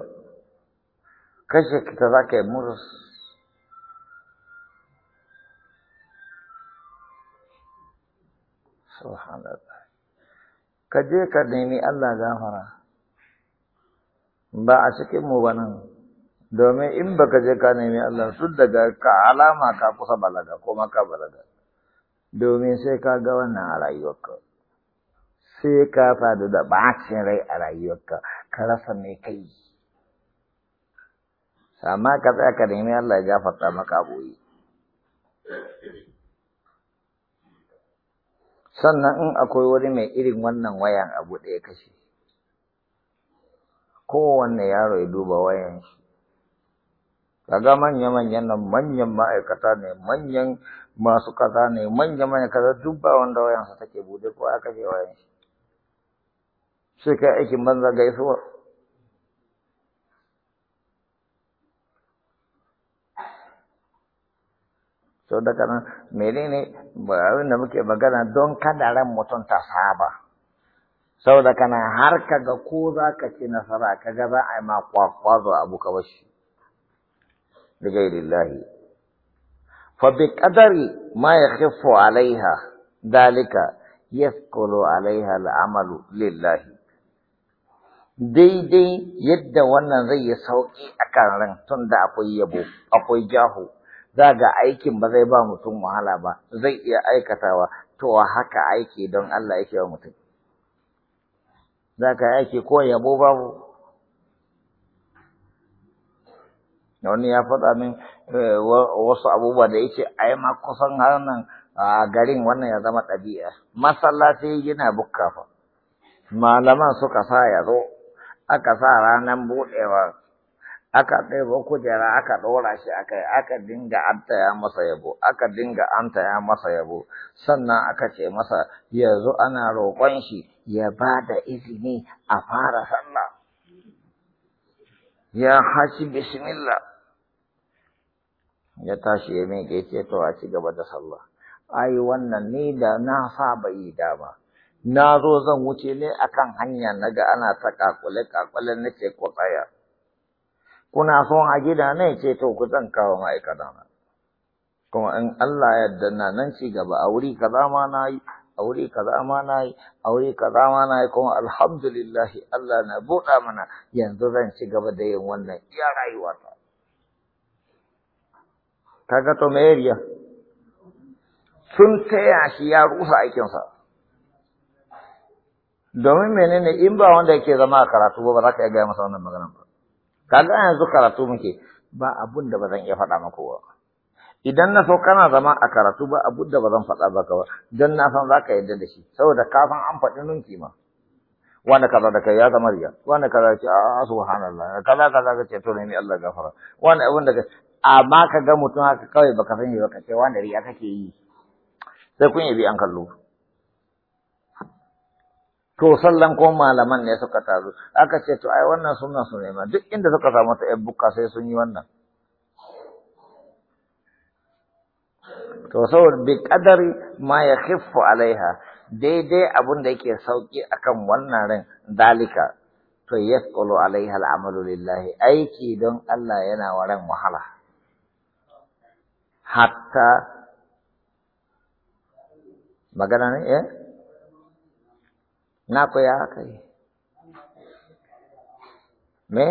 kashe ta za ka yi murus subhanallah ka je ka nemi Allah gafara ba a cikin mu ba nan domin in baka je ka nemi Allah su daga ka alama ka kusa balaga ko maka balaga domin sai ka ga wannan a rayuwarka sai ka fadu da bacin rai a rayuwarka ka rasa mai kai amma ka tsaya ka nemi Allah ya gafarta maka boye sannan in akwai wani mai irin wannan wayan abu ɗaya kashe kowanne yaro ya duba wayan shi kaga manya-manyan nan manyan ma'aikata ne manyan masu kaza ne manya manya kaza duk ba wanda sa take bude ko aka je wayan shi sai kai aikin banza gaisuwa sau da kanan menene abin da muke magana don kada ran mutum ta saba sau kana har ka ga ko za ka ci nasara ka ga za a yi ma kwakwazo abu ka bashi da gairillahi فبقدر ما يخف عليها ذلك يثقل عليها العمل لله daidai yadda wannan zai yi sauƙi a kan ran tun da akwai yabo akwai jahu za ga aikin ba zai ba mutum wahala ba zai iya aikatawa to haka aiki don Allah yake wa mutum za ka aiki ko yabo babu wani ya faɗa min eh, wasu abubuwa da yake ai ma kusan harnan a garin wannan ya zama ɗabi'a masallaci yana bukka fa malaman suka sa ya zo aka sa ranar buɗewa aka ɗebo kujera aka ɗora shi aka yi aka dinga anta ya masa yabo aka dinga anta ya masa yabo sannan aka ce masa yanzu ana roƙon shi ya ba da izini a fara sallah ya hashi bismillah ya tashi ya miƙe ce to a ci gaba da sallah ai wannan ni da na saba yi dama na zo zan wuce ne akan hanya naga ana ta kakule kakule nake ko tsaya kuna son a gida ne ce to ku zan kawo ma'aikata na kuma in Allah ya yarda na nan ci gaba a wuri kaza ma na yi a wuri kaza ma na yi a wuri kaza ma na yi kuma alhamdulillah Allah na buɗa mana yanzu zan ci gaba da yin wannan iya rayuwata kaga to me sun taya shi ya rusa aikinsa domin menene in ba wanda yake zama a karatu ba za ka iya gaya masa wannan maganar ba kaga yanzu karatu muke ba abun da ba zan iya faɗa maka ba idan na so kana zama a karatu ba abun da ba zan faɗa ba ba don na san za ka yarda da shi saboda ka san an faɗi nunki ma wanda kaza da kai ya zama riya wanda kaza ce a subhanallah kaza kaza ka ce to ne Allah gafara wanda abin da amma ka ga mutum haka kawai baka sani ba ka ce wanda riya kake yi sai kun yabi an kallo to sallan ko malaman ne suka taru aka ce to ai wannan sunna su ne ma duk inda suka samu ta yan bukka sai sun yi wannan to saboda bi kadari ma khiffu alaiha daidai abun da yake sauki akan wannan ran dalika to yasqulu alaiha al'amalu lillahi aiki don Allah yana waran wahala hatta magana ne eh na koya kai me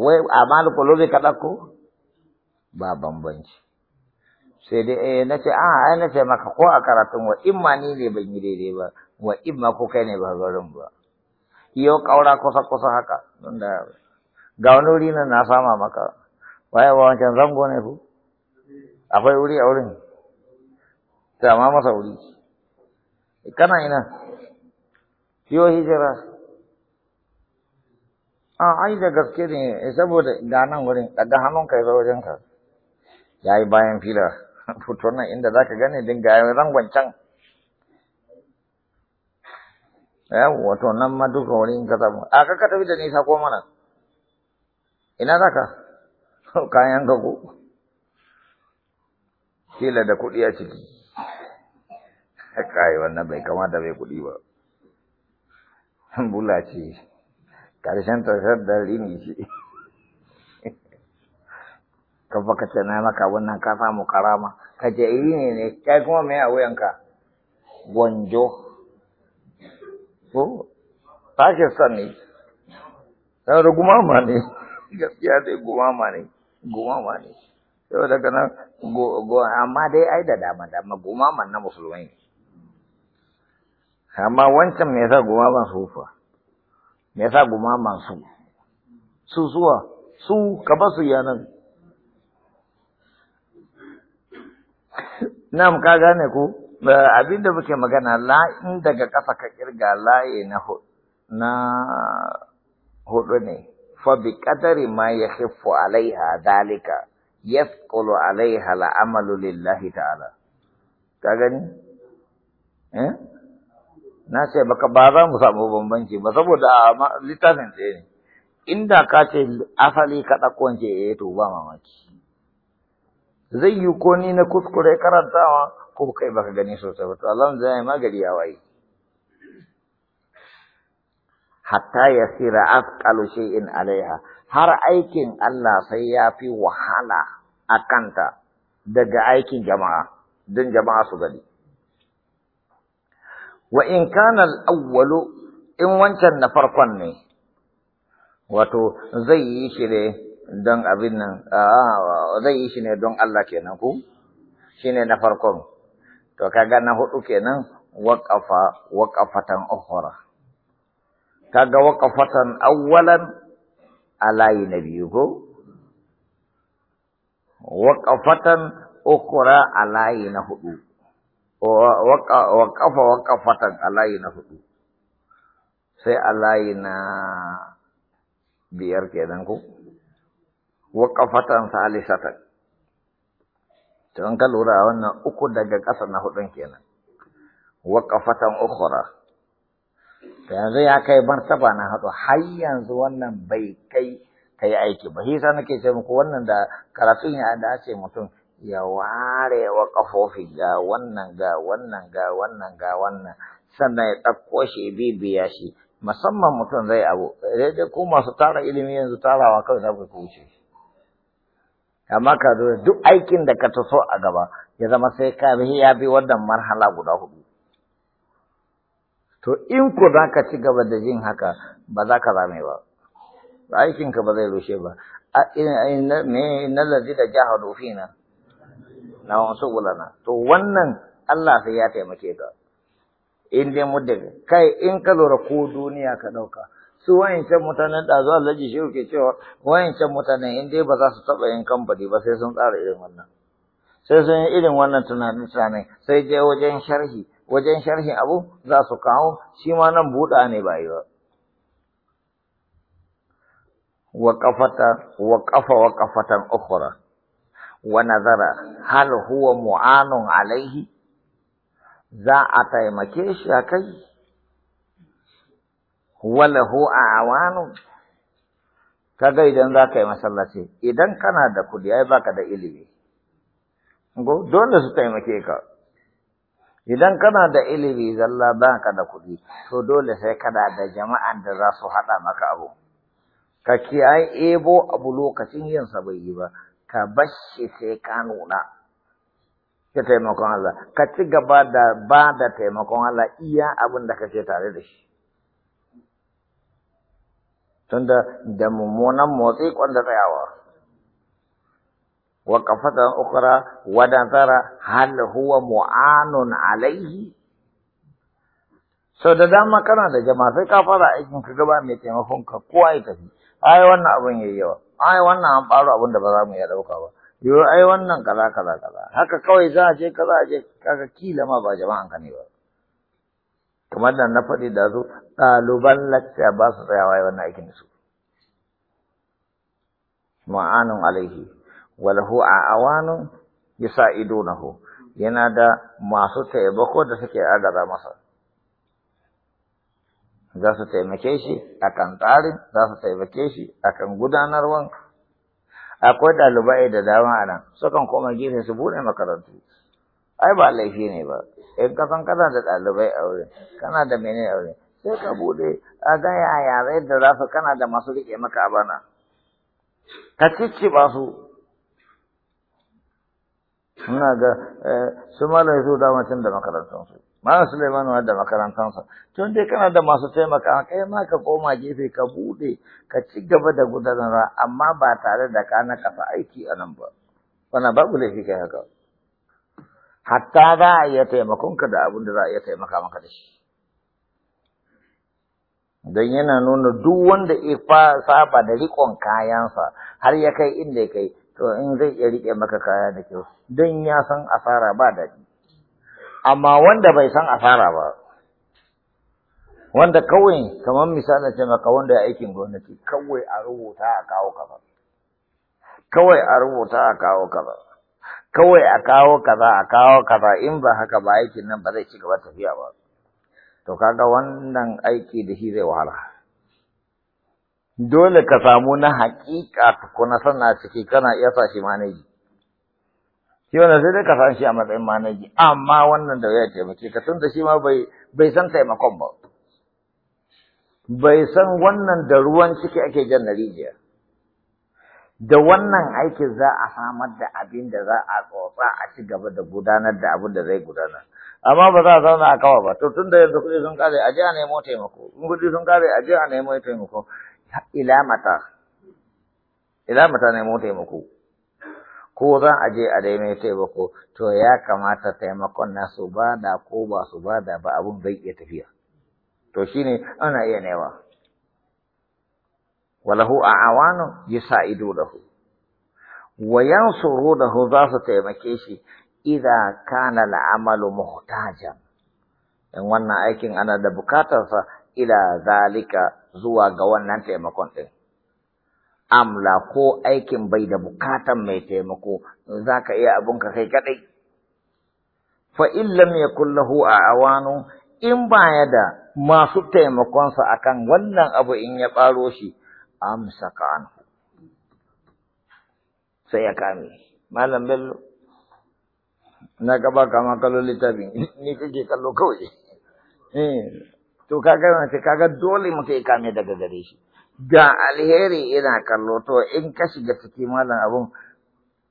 wai amalu kullu ka ko ba bambanci sai dai eh nace a ah, ai nace maka ko a karatun wa imma ni ne ban yi daidai ba wa imma ko kai ne ba garin ba yau kaura kusa kusa haka don da ga wani wuri nan na sama maka waye ba wancan zango ne ku akwai wuri a wurin sama masa wuri kana ina yo hijira a ai da gaske ne saboda ga nan wurin daga hannunka ya zo wajenka ya yi bayan filar tutuwar nan inda za ka gane din ga rangon can Ya to nan ma duka wani in ka samu a ka tafi da nisa ko mana ina za ka kayan ka ko kila da kuɗi a ciki kai wannan bai kamata bai kuɗi ba bula ce Karshen tashar da rini ce ka baka ce na maka wannan ka samu karama ka ce yi ne ne kai kuma me a wuyanka gwanjo ko Pakistan ne saboda gumama ne gaskiya dai gumama ne gumama ne saboda kana go amma dai ai da dama dama gumama na musulmai amma wancan me yasa gumaman su fa me yasa gumaman su su zuwa su ka basu yanan Nam ka gane ko abin da muke magana la'in daga kafa ka kirga laye na hudu ne, fa bi qadari ma ya hifo alaiha dalika, ya tsoro alaiha amalu lillahi ta'ala. Ka gani? Eh? Na ce baka ba za mu samu bambanci ba saboda littafin tsaye ne. Inda ka ce asali ka ɗakwance eh to ba mamaki. zai yi ko ni na kuskure karantawa ko kai baka gani sosai ba to Allah zai ma gari ya waye hatta yasira asqalu shay'in alaiha har aikin Allah sai ya fi wahala a kanta daga aikin jama'a don jama'a su gani wa in kana al in wancan na farkon ne wato zai yi shi ne don abin nan zai yi shi ne don Allah kenan ku shi ne na farkon to kaga na hudu kenan waƙafa waƙafatan ukhra kaga waƙafatan awwalan alayi na biyu ko waƙafatan ohora alayi na hudu waƙafa waƙafatan alayi na hudu sai alayi na biyar kenan ku waƙafatan salisatan to an ka lura wannan uku daga ƙasa na hudun kenan waƙafatan ukhra to yanzu ya kai martaba na hadu har yanzu wannan bai kai kai aiki ba hisa nake ce muku wannan da karatun ya da ce mutum ya ware wa kafofi ga wannan ga wannan ga wannan ga wannan sannan ya ɗauko shi bibiya shi musamman mutum zai abu dai ko masu tara ilimi yanzu tarawa kawai za ku wuce amma ka zo duk aikin da ka ta so a gaba ya zama sai ka bi ya bi wannan marhala guda hudu to in ko za ka ci gaba da jin haka ba za ka zame ba aikinka ba zai rushe ba a me na lazi da jaha dofi na wasu ulana to wannan Allah sai ya taimake ka in dai muddin kai in ka lura ko duniya ka dauka su wayancan mutanen da zuwa laji shi ke cewa wayancan mutanen in dai ba za su taɓa yin kamfani ba sai sun tsara irin wannan sai sun yi irin wannan tunanin tunanin sai je wajen sharhi wajen sharhi abu za su kawo shi ma nan buɗa ne ba yi ba wa kafata wa kafa wa wa nazara hal huwa mu'anun alaihi za a taimake shi a kai walahu a awanu kaga idan za ka yi masallaci idan kana da kudi ai baka da ilimi dole su taimake ka idan kana da ilimi zalla baka da kudi to dole sai kana da jama'an da za su haɗa maka abu ka kiyaye ebo abu lokacin yin sa bai yi ba ka bashi sai ka nuna ta taimakon Allah, ka ci gaba da ba da taimakon Allah iya abin da kake tare da shi. tunda da mummunan motsi kwanda tsayawa wa kafatan ukra wa nazara hal huwa mu'anun alaihi sau da dama kana da jama'a sai ka fara aikin ka gaba mai taimakon ka kowa ya tafi ai wannan abin yayi yawa ai wannan an faru abin da ba za mu iya dauka ba yo ai wannan kaza kaza kaza haka kawai za a je kaza a je kaga kila ma ba jama'an ka ne ba kamar da na faɗi da zo ɗaliban lacca ba su tsayawa yi wannan aikin su. Ma'anun alaihi, walahu a awanun ya sa ido na hu, yana da masu taimako da suke agaza masa. Za su taimake shi a kan tsarin, za su taimake shi a kan gudanarwan. Akwai ɗalibai da dama a nan, sukan koma gefe su buɗe makarantu. Ai ba laifi ne ba, in ka kana da ɗalibai a wurin, kana da mene a wurin, sai ka bude a ga yayarai da za su kana da masu riƙe maka bana ka cicci ba su suna ga eh, su malar su da mutum da makarantansu su Suleiman ma da makarantansa tun dai kana da masu taimaka kai ma ka koma gefe ka bude ka ci gaba da gudanarwa amma ba tare da ka na kafa aiki a nan ba wannan babu laifi kai haka hatta za a iya taimakonka da abin da za a iya taimaka maka da shi don yana nuna duk wanda ya saba da riƙon kayansa har ya kai inda ya kai to in zai iya rike maka kaya da kyau don ya san asara ba daɗi amma wanda bai san asara ba wanda kawai kamar misali ce maka wanda ya aikin gwamnati kawai a rubuta a kawo kaza kawai a rubuta a kawo kaza kawai a kawo kaza a kawo kaza in ba haka ba aikin nan ba zai ci gaba tafiya ba to kaga wannan aiki da shi zai wahala dole ka samu na haƙiƙa na sana ciki kana iya sa shi manaji shi wannan sai dai ka san shi a matsayin manaji amma wannan da ya taimake ka tunda shi ma bai bai san taimakon ba bai san wannan da ruwan ciki ake jan na rijiya da wannan aikin za a samar da abin da za a tsotsa a ci gaba da gudanar da abin da zai gudanar amma ba za a zauna a kawa ba to tun da yanzu kuɗi sun kare a ji a nemo taimako in kuɗi sun kare a ji a nemo taimako ila mata ila mata nemo taimako ko za a je a nemo taimako to ya kamata taimakon na su ba da ko ba su ba da ba abun zai iya tafiya to shine ana iya newa walahu a'awanu yusa'idu lahu wa yansuruhu za su taimake shi idza kana al'amalu muhtajan in wannan aikin ana da sa ila zalika zuwa ga wannan taimakon din amla ko aikin bai da bukatan mai taimako zaka iya abun ka kai kadai fa in lam yakul lahu awanu in baya da masu taimakon sa akan wannan abu in ya baro shi amsaka anhu sai ya kame malam bello na ba kama kalo littafin ni kake kallo kawai eh, to kaga mace kaga dole muke kame daga gare shi ga alheri ina kallo to in ka shiga ciki malam abun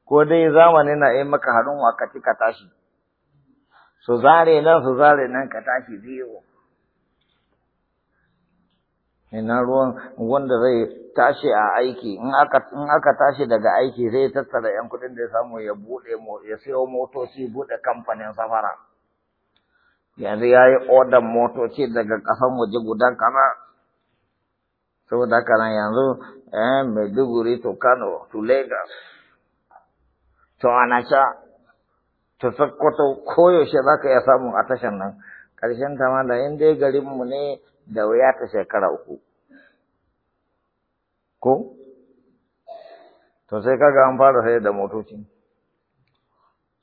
ko dai zamani na yi maka harin wakati ka tashi su zare nan su zare nan ka tashi biyu ina ruwan wanda zai tashi a aiki in aka tashi daga aiki zai tattara yan kuɗin da ya samu ya bude ya sayo motoci bude kamfanin safara yanzu ya yi odan motoci daga kasan waje guda kana saboda kana yanzu eh Maiduguri to Kano to Lagos to Anasha to Sokoto koyaushe za ka iya samu a tashan nan ƙarshen ta ma da in dai garinmu ne da wuya ta shekara uku. Ko? To sai kaga an fara sayar da motoci.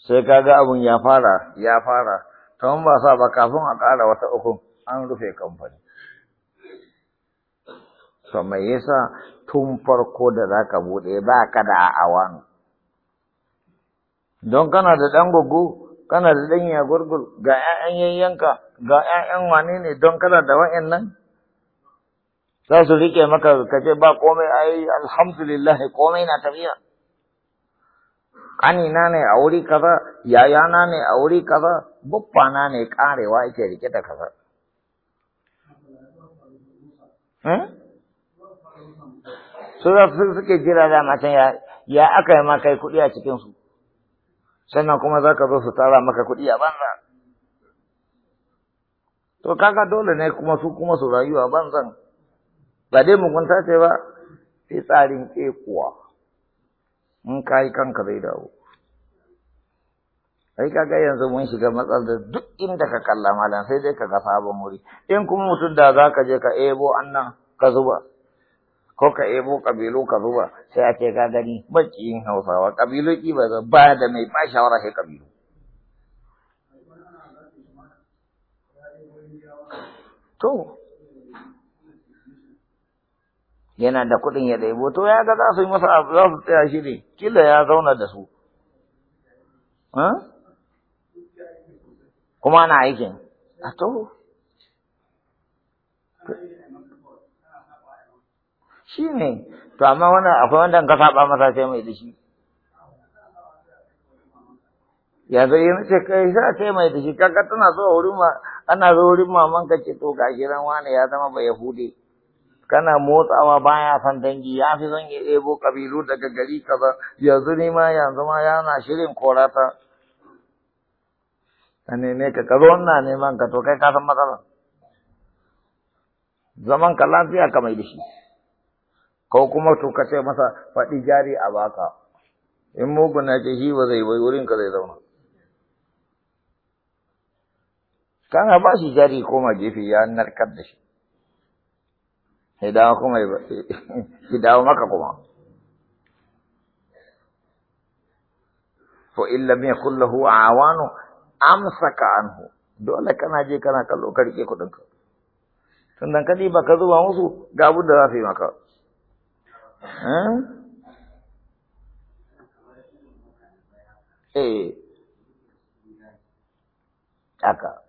Sai kaga abun ya fara, ya fara, ta ba sa ba kafin a ƙara wata uku an rufe kamfani. To mai yasa tun farko da zaka ka buɗe ba ka da a'awanu. Don kana da ɗan gugu, kana da ɗan yagurgul ga ‘ya'yan yayyanka, ga ‘ya'yan wane ne don kana da wa'yan nan? Za su rike maka kaje ba komai ai alhamdulillah komai na tafiya. na ne a wuri kaza, na ne a wuri kaza, na ne ƙarewa yake rike da kaza. Hmm? Su za su suke jira da matan ya aka yi ma kai kuɗi a cikinsu, sannan kuma za ka zo su tara maka kuɗi a banza. to kaga dole ne kuma su kuma su rayuwa banzan ba dai mugunta ce ba sai tsarin kekuwa in ka yi kanka zai dawo ai kaga yanzu mun shiga matsalar duk inda ka kalla malam sai dai ka ga sabon wuri in kuma mutum da za ka je ka ebo annan ka zuba ko ka ebo kabilu ka zuba sai a ce ka gani bakin hausawa kabilu ki ba da mai ba shawara sai kabilu to yana da kuɗin ya ɗaibo to ya ga za su yi masa abu za su tsaya shi ne kila ya zauna da su kuma na aikin a to shi ne to amma wannan akwai wanda ka saba masa sai mai da shi ya zai yi mace kai sai mai da shi kaga tana zuwa wurin ma ana zo wurin maman ka ce to gashi ran wani ya zama ba yahudi kana motsawa baya son dangi ya fi son ya ɗebo kabilu daga gari kaza yanzu ni ma yanzu ma yana shirin korata ka neme ka ka zo ina neman ka to kai ka san matsalar zaman ka lafiya ka mai dashi ko kuma to ka ce masa faɗi jari a baka in mugun na ce shi ba zai bai wurin ka zai zauna kana ba shi jari koma gefe ya narkar da shi sai dawo kuma hidawa maka kuma fa illa bi kullahu awanu amsaka anhu dole kana je kana kallo karke rike kudin ka sannan ka ba ka zuba musu ga abin da za su yi maka eh haka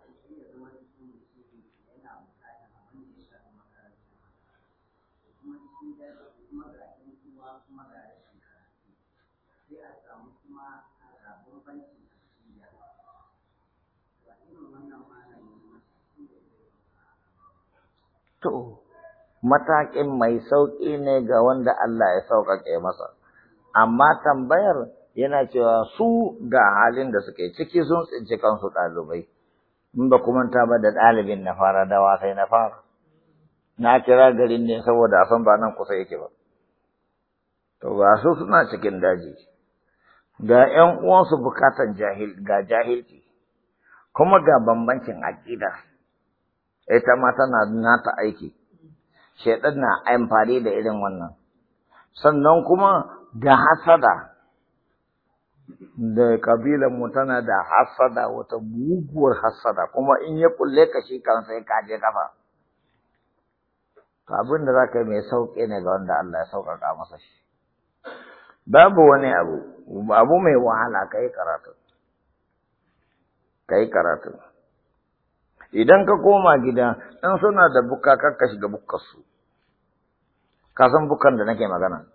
To, matakin mai sauƙi ne ga wanda Allah ya sauƙaƙe masa, amma tambayar yana cewa su ga halin da suke ciki sun tsinci kansu ɗalibai, in ba kuma ta ba da ɗalibin na fara dawa sai na fara. Na kira garin ne saboda a san ba nan kusa yake ba. To ba su suna cikin daji, ga ‘yan uwansu bukatan jahil, ga jahilci, kuma ga bambancin aƙida. ita ma tana nata aiki shaidan na amfani da irin wannan sannan kuma da hasada da kabilan mu tana da hasada wata muguwar hasada kuma in ya kulle ka shi kan sai ka je kafa to abin da zaka mai sauke ne ga wanda Allah ya sauƙaƙa masa shi babu wani abu abu mai wahala kai karatu kai karatu idan ka koma gida in suna da bukka kan ka shiga bukkarsu ka san bukkan da nake magana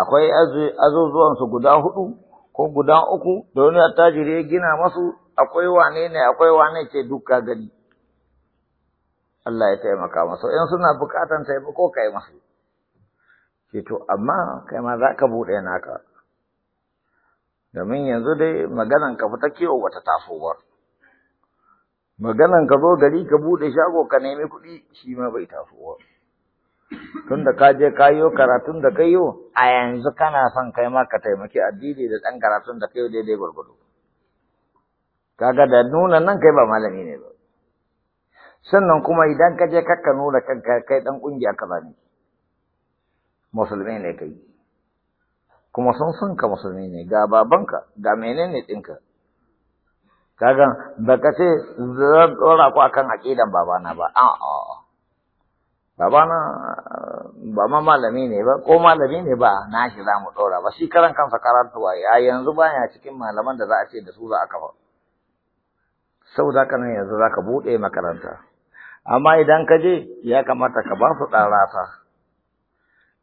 akwai azuzuwansu guda hudu ko guda uku da wani attajiri ya gina masu akwai wane ne akwai wane ke duka gani Allah ya taimaka masu in suna bukatan taimako kai masu Ke to amma kai ma za ka buɗe naka domin yanzu dai maganan ka fita kiwo wata taso maganan ka zo gari ka bude shago ka nemi kuɗi shi ma bai tasowa tun da ka je ka yi karatun da ka yi a yanzu kana son kai ma ka taimaki addini da ɗan karatun da ka yi daidai gwargwado kaga da nuna nan kai ba malami ne ba sannan kuma idan ka je kakka nuna kanka kai ɗan ƙungiya ka bani. musulmi ne kai kuma sun sun ka musulmi ne ga babanka ga menene ɗinka kaga ba ka ce zan ɗora ku akan aƙidan babana ba a babana ba ma malami ne ba ko malami ne ba na shi za mu ɗora ba shi karan kansa karantuwa ya yanzu baya cikin malaman da za a ce da su za a kafa Sau haka nan yanzu za ka buɗe makaranta amma idan ka je ya kamata ka ba su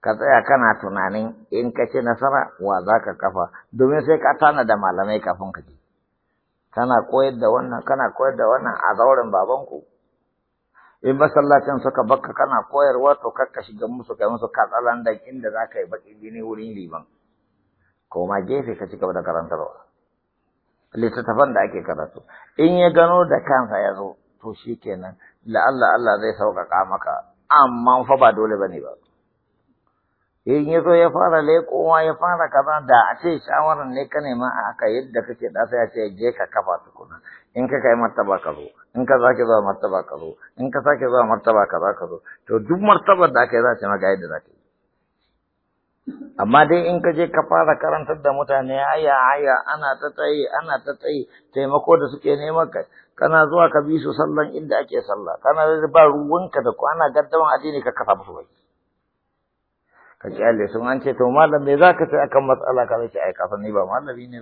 ka tsaya kana tunanin in ka ce nasara wa za ka kafa domin sai ka tana da malamai kafin ka je kana koyar da wannan kana koyar da wannan a zauren babanku in masallacin suka bakka kana koyarwa to kakka shiga musu kai musu katsalandan inda za ka yi baki gini wurin liman koma gefe ka ci gaba da karantarwa littattafan da ake karatu in ya gano da kansa ya zo to shi kenan Allah Allah zai sauƙaƙa maka amma fa ba dole ba ne ba Eh, in ya zo ya fara leƙowa ya fara kaza da a ce shawarar ne ka nema a aka yadda kake da sai a ce je ka kafa tukuna in ka kai martaba ka zo in ka sake zuwa martaba ka zo in ka sake zuwa martaba ka za ka zo to duk martabar da aka yi za ta maka yadda za ka yi amma dai in ka je ka fara karantar da mutane aya aya ana ta tsaye ana ta tsaye taimako da suke neman ka kana zuwa ka bi su sallan inda ake sallah kana da ba ruwanka da kwana, ana addini ka kafa musu baki ka kyale sun an ce to malam me za ka ce akan matsala ka ce ai kasan ni ba malami ne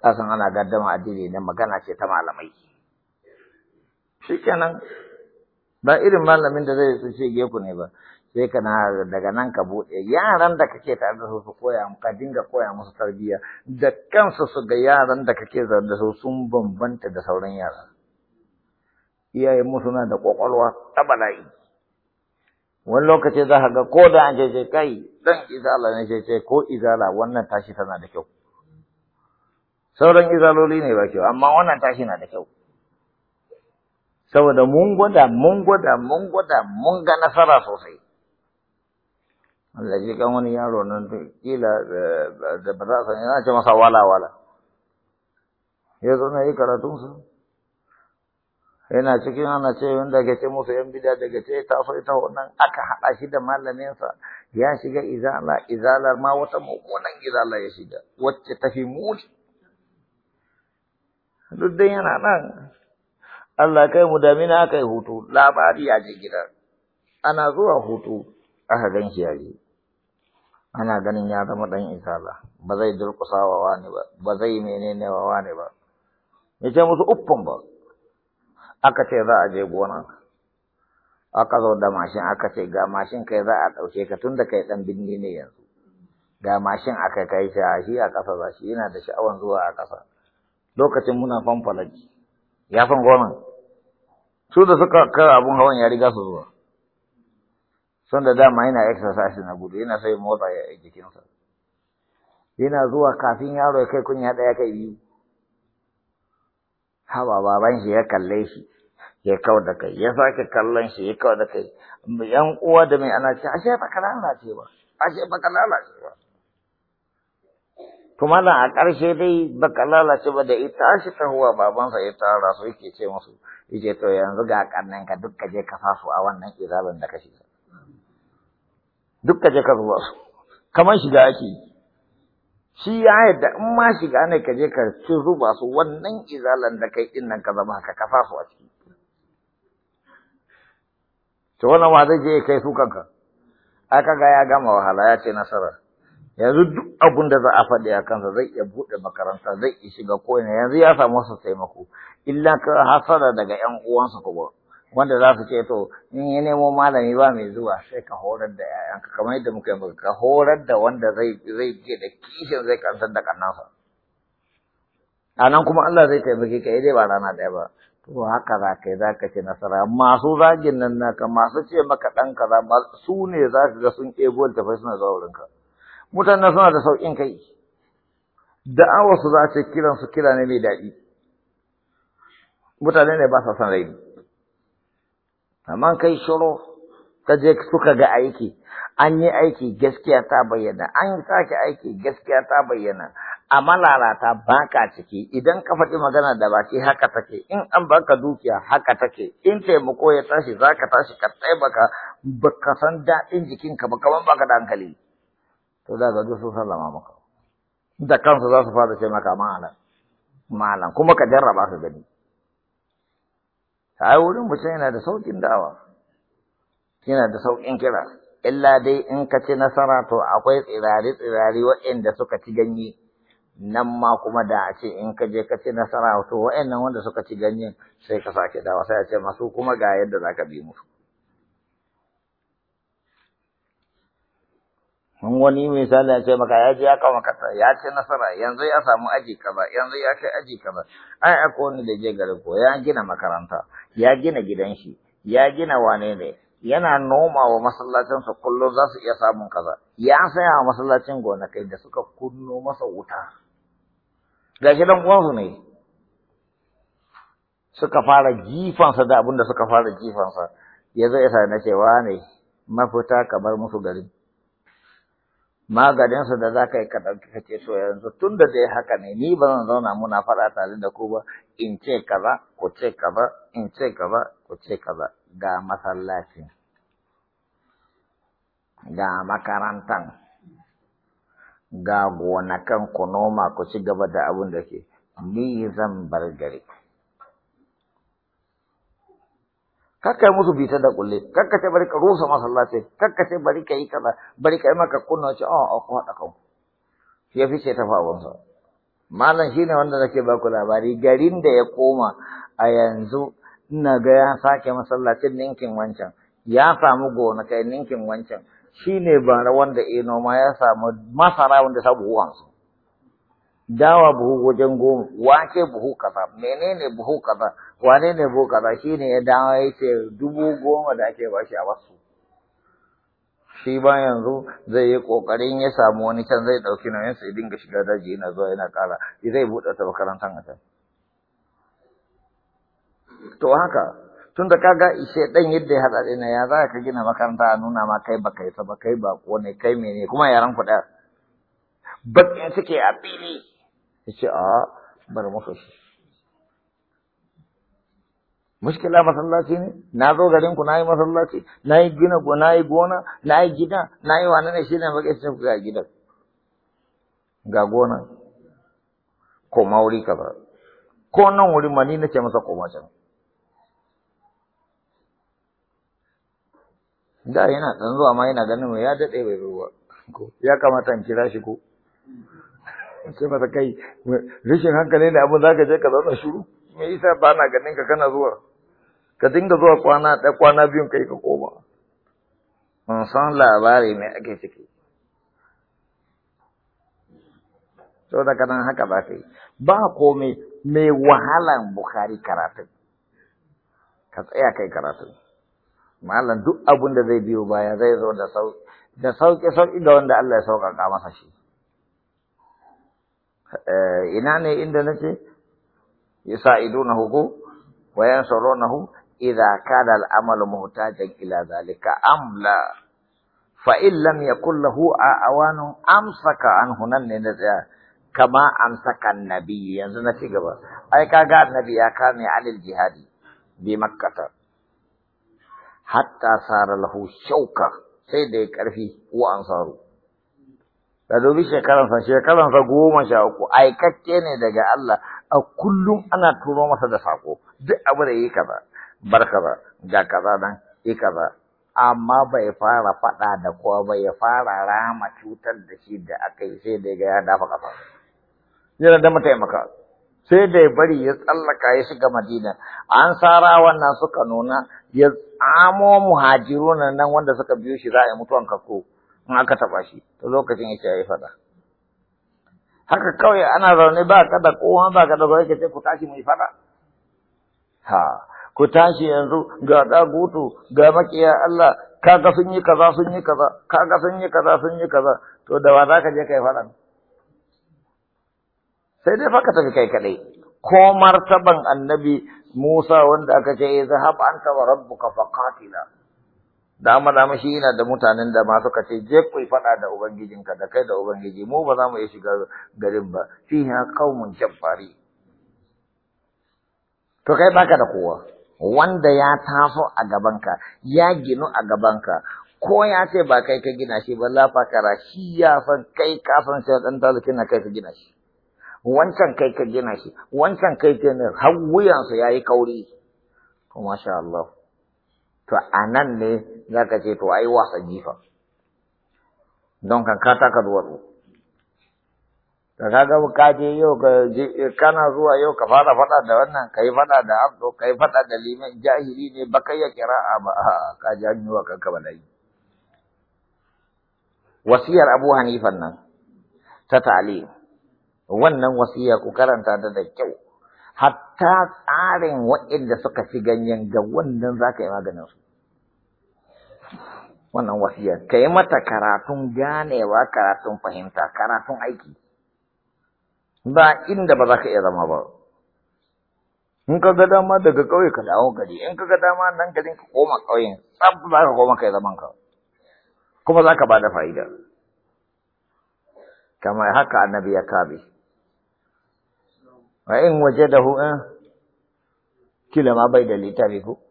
ba san ana gaddama addini na magana ce ta malamai kenan ba irin malamin da zai tsince geku ne ba sai ka na daga nan ka buɗe yaran da kake tare da su su koya ka dinga koya musu tarbiyya da kansu su ga yaran da kake zaune da su sun bambanta da sauran yara iyayen mu suna da kwakwalwa ta bala'i wani lokaci za ka ga ko da an jeje kai dan izala ne ce ko izala wannan tashi tana da kyau sauran izaloli ne ba kyau amma wannan tashi na da kyau saboda mun gwada mun gwada mun gwada mun ga nasara sosai Allah ji kan wani yaro nan kila eh, da ba za a yana ce masa wala wala ya zo na yi karatunsa yana cikin ana ce wanda ga ce musu yan bida daga ce ta so ita wannan aka hada shi da sa ya shiga izala izalar ma wata mummunan izala ya shiga wacce tafi fi muni duk dai yana nan Allah kai mu damina aka yi hutu labari ya je gidan. ana zuwa hutu aka gan shi yaje ana ganin ya zama ɗan izala ba zai durƙusa wani ba ba zai menene wa wani ba ya ce musu uffan ba aka ce za a je gonan aka zo da mashin aka ce ga mashin kai za a ɗauke ka tun da kai ɗan birni ne yanzu ga mashin aka kai shi a shi a ƙasa za shi yana da sha'awan zuwa a ƙasa lokacin muna fanfalaji ya fan gonan su da suka kara abun hawan ya riga su zuwa sun da dama yana exercise na gudu yana sai motsa jikinsa yana zuwa kafin yaro ya kai kunya ɗaya kai biyu hawa baban shi ya kalle shi ya kawo da kai ya sake kallon shi ya kawo da kai yan uwa da mai ana ce ashe baka lalace ba ashe baka lalace ba Kuma da a ƙarshe dai ba baka lalace ba da ita shi ta huwa babansa ya tara su yake ce musu yake to yanzu ga kannan ka duk kaje ka fasu a wannan izalin da ka shiga duk kaje ka zuwa su kamar shiga ake yi shi ya yadda in ma shiga ne ka je ka ci ruba su wannan izalan da kai din nan ka zama ka kafa su a ciki to wannan wa zai je kai su kanka aka ga ya gama wahala ya ce nasara yanzu duk abun da za a faɗi a kansa zai iya buɗe makaranta zai iya shiga ko'ina yanzu ya samu wasu taimako illa ka hasara daga 'yan uwansa kuma wanda za su ce to in ya nemo malami ba mai zuwa sai ka horar da 'ya'yan ka, kamar yadda muka yi ka horar da wanda zai zai je da kishin zai kansar da kannansa a nan kuma Allah zai taimake ka eh dai ba rana ɗaya ba to haka za ka yi za ka ce nasara masu zagin nan naka masu ce maka ɗan kaza su ne za ka ga sun ɗebo tafai suna zuwa ka mutanen suna da sauƙin kai da'awarsu za ce kiransu kira ne mai daɗi mutane ne ba sa son raini amma kai shiro ka je suka ga aiki an yi aiki gaskiya ta bayyana an yi sake aiki gaskiya ta bayyana a malalata ba ka ciki idan ka faɗi magana da baki haka take in an baka dukiya haka take in taimako ya tashi za ka tashi ka taimaka ka san daɗin jikinka ba Kamar baka da hankali to da ga su sallama maka da kansu za su fara ce maka malam malam kuma ka jarraba ka gani ai wurin mutum yana da saukin dawa yana da saukin kira illa dai in ka ci nasara to akwai tsirari tsirari waɗanda suka ci ganye nan ma kuma da a ce in ka je ka ci nasara to waɗannan wanda suka ci ganye sai ka sake dawa sai a ce masu kuma ga yadda zaka bi musu in wani misali ya ce maka ya je ya kawo makasa ya ce nasara yanzu ya samu aji kaza yanzu ya kai aji kaza ai akwai wani da je gari ko ya gina makaranta ya gina gidan shi ya gina wane ne yana noma wa kullum za su iya samun kaza ya saya wa masallacin gonakai da suka kunno masa wuta shi dan uwansu ne suka fara jifansa da abin suka fara jifansa ya zo ya sa na cewa ne mafita kamar musu gari. maganinsa da za ka yi kaɗan ka ce so yanzu tun da zai haka ne ni ba zan zauna muna faɗa tare da ku ba in ce ba ku ce ba in ce ba ku ce ba ga masallaci ga makarantan ga gonakan ku noma ku ci gaba da abin da ke ni zan bar gari kakka yi musu bitar da kulle kakka ce bari ka rusa masallaci kakka ce bari ka yi kaza bari ka yi maka kunna ce a a ko haɗa shi ya fi ce ta sa. malam shine wanda nake ba ku labari garin da ya koma a yanzu ina ga ya sake masallacin ninkin wancan ya samu kai ninkin wancan shine bara wanda ino eh, noma ya samu masara wanda uwansu. dawa buhu wajen goma wace buhu kaza menene buhu kaza wane ne buhu kaza shine ya dawo ya ce dubu goma da ake bashi a wasu shi ba yanzu zai yi kokarin ya samu wani can zai dauki nauyin sa ya dinga shiga daji yana zuwa yana kara zai buɗe ta makarantar a can to haka tun da kaga ishe dan yadda ya haɗa na ya za ka gina makaranta a nuna ma kai baka yi ta ba kai ko ne kai mene kuma yaran ku bakin suke a fili yace a bar maka shi mushkila masallaci ne na zo garin ku nayi masallaci nayi gina ko nayi gona nayi gida nayi wani ne shine baka ce ga gida. ga gona ko mauri kaza ko nan wuri ma ni nake masa koma can da yana dan zuwa ma yana ganin mu ya dade bai ruwa ko ya kamata in kira shi ko ce masa kai rashin hankali ne abin zaka je ka zauna shiru me yasa ba na ganin ka kana zuwa ka dinga zuwa kwana da kwana biyun kai ka koma mun san labari ne ake ciki da kana haka ba ka ba komai mai wahalan bukhari karatun ka tsaya kai karatun mallan duk abin da zai biyo baya zai zo da sauki sauki da wanda Allah ya k'a masa shi ina inda nace yasa'idunahu wa yansurunahu idza kana al'amalu muhtajan ila zalika amla fa in lam yakul lahu awanu amsaka anhu nan ne kama amsaka annabi yanzu na ci gaba ai kaga annabi ya kame alil jihadi bi makkata hatta sara lahu shauka sai da ya karfi wa ansaru da dubi shekaransa shekaransa goma sha uku aikakke ne daga Allah a kullum ana turo masa da sako duk abu da yi kaza bar kaza ga kaza nan yi kaza amma bai fara faɗa da kowa ba ya fara rama cutar da shi da aka yi sai da ya dafa kafa yana da mataimaka sai da bari ya tsallaka ya shiga madina an sara wannan suka nuna ya tsamo muhajiruna nan wanda suka biyo shi za a yi mutuwan kasko in aka taba shi to lokacin yake ya yi faɗa haka kawai ana zaune ba kada kowa ba kada da zaune ka ce ku tashi mu yi faɗa ha ku tashi yanzu ga ɗagutu ga makiya Allah kaga sun yi kaza sun yi kaza kaga sun yi kaza sun yi kaza to da wa za ka je kai fada sai dai fa ka tafi kai kaɗai ko martaban annabi Musa wanda aka ce zahab anta wa rabbuka faqatila dama dama shi yana da mutanen da ma suka ce je ku faɗa da ubangijinka da kai da ubangiji mu ba za mu iya shiga garin ba fi ha qaumun jabbari to kai baka da kowa wanda ya taso a gabanka ya ginu a gabanka ko ya ce ba kai ka gina shi ba lafa kara shi ya san kai ka san sai dan talukin na kai ka gina shi wancan kai ka gina shi wancan kai ka ne har wuyansa yayi kauri to masha Allah to anan ne Zaka ce to ai wasa jifa don kan ka taka duwatsu da kaga ka je kana zuwa yau ka fara faɗa da wannan kai faɗa da abdo kai faɗa da liman jahili ne ba kai ya a ba ka ji hannuwa kanka bala'i wasiyar abu hanifan nan ta tali wannan wasiya ku karanta ta da kyau hatta tsarin waɗanda suka fi ganyen ga wannan za ka yi maganin su wannan wasiyar ka yi mata karatun ganewa karatun fahimta karatun aiki ba inda ba za ka iya zama ba in ka ga dama daga ƙauye ka dawo gari in ka ga dama nan garin ka koma ƙauyen tsab za ka koma kai zaman ka kuma za ka ba da fa'ida kamar haka annabi ya kabe wa in wajadahu eh, kila ma bai da littafi ko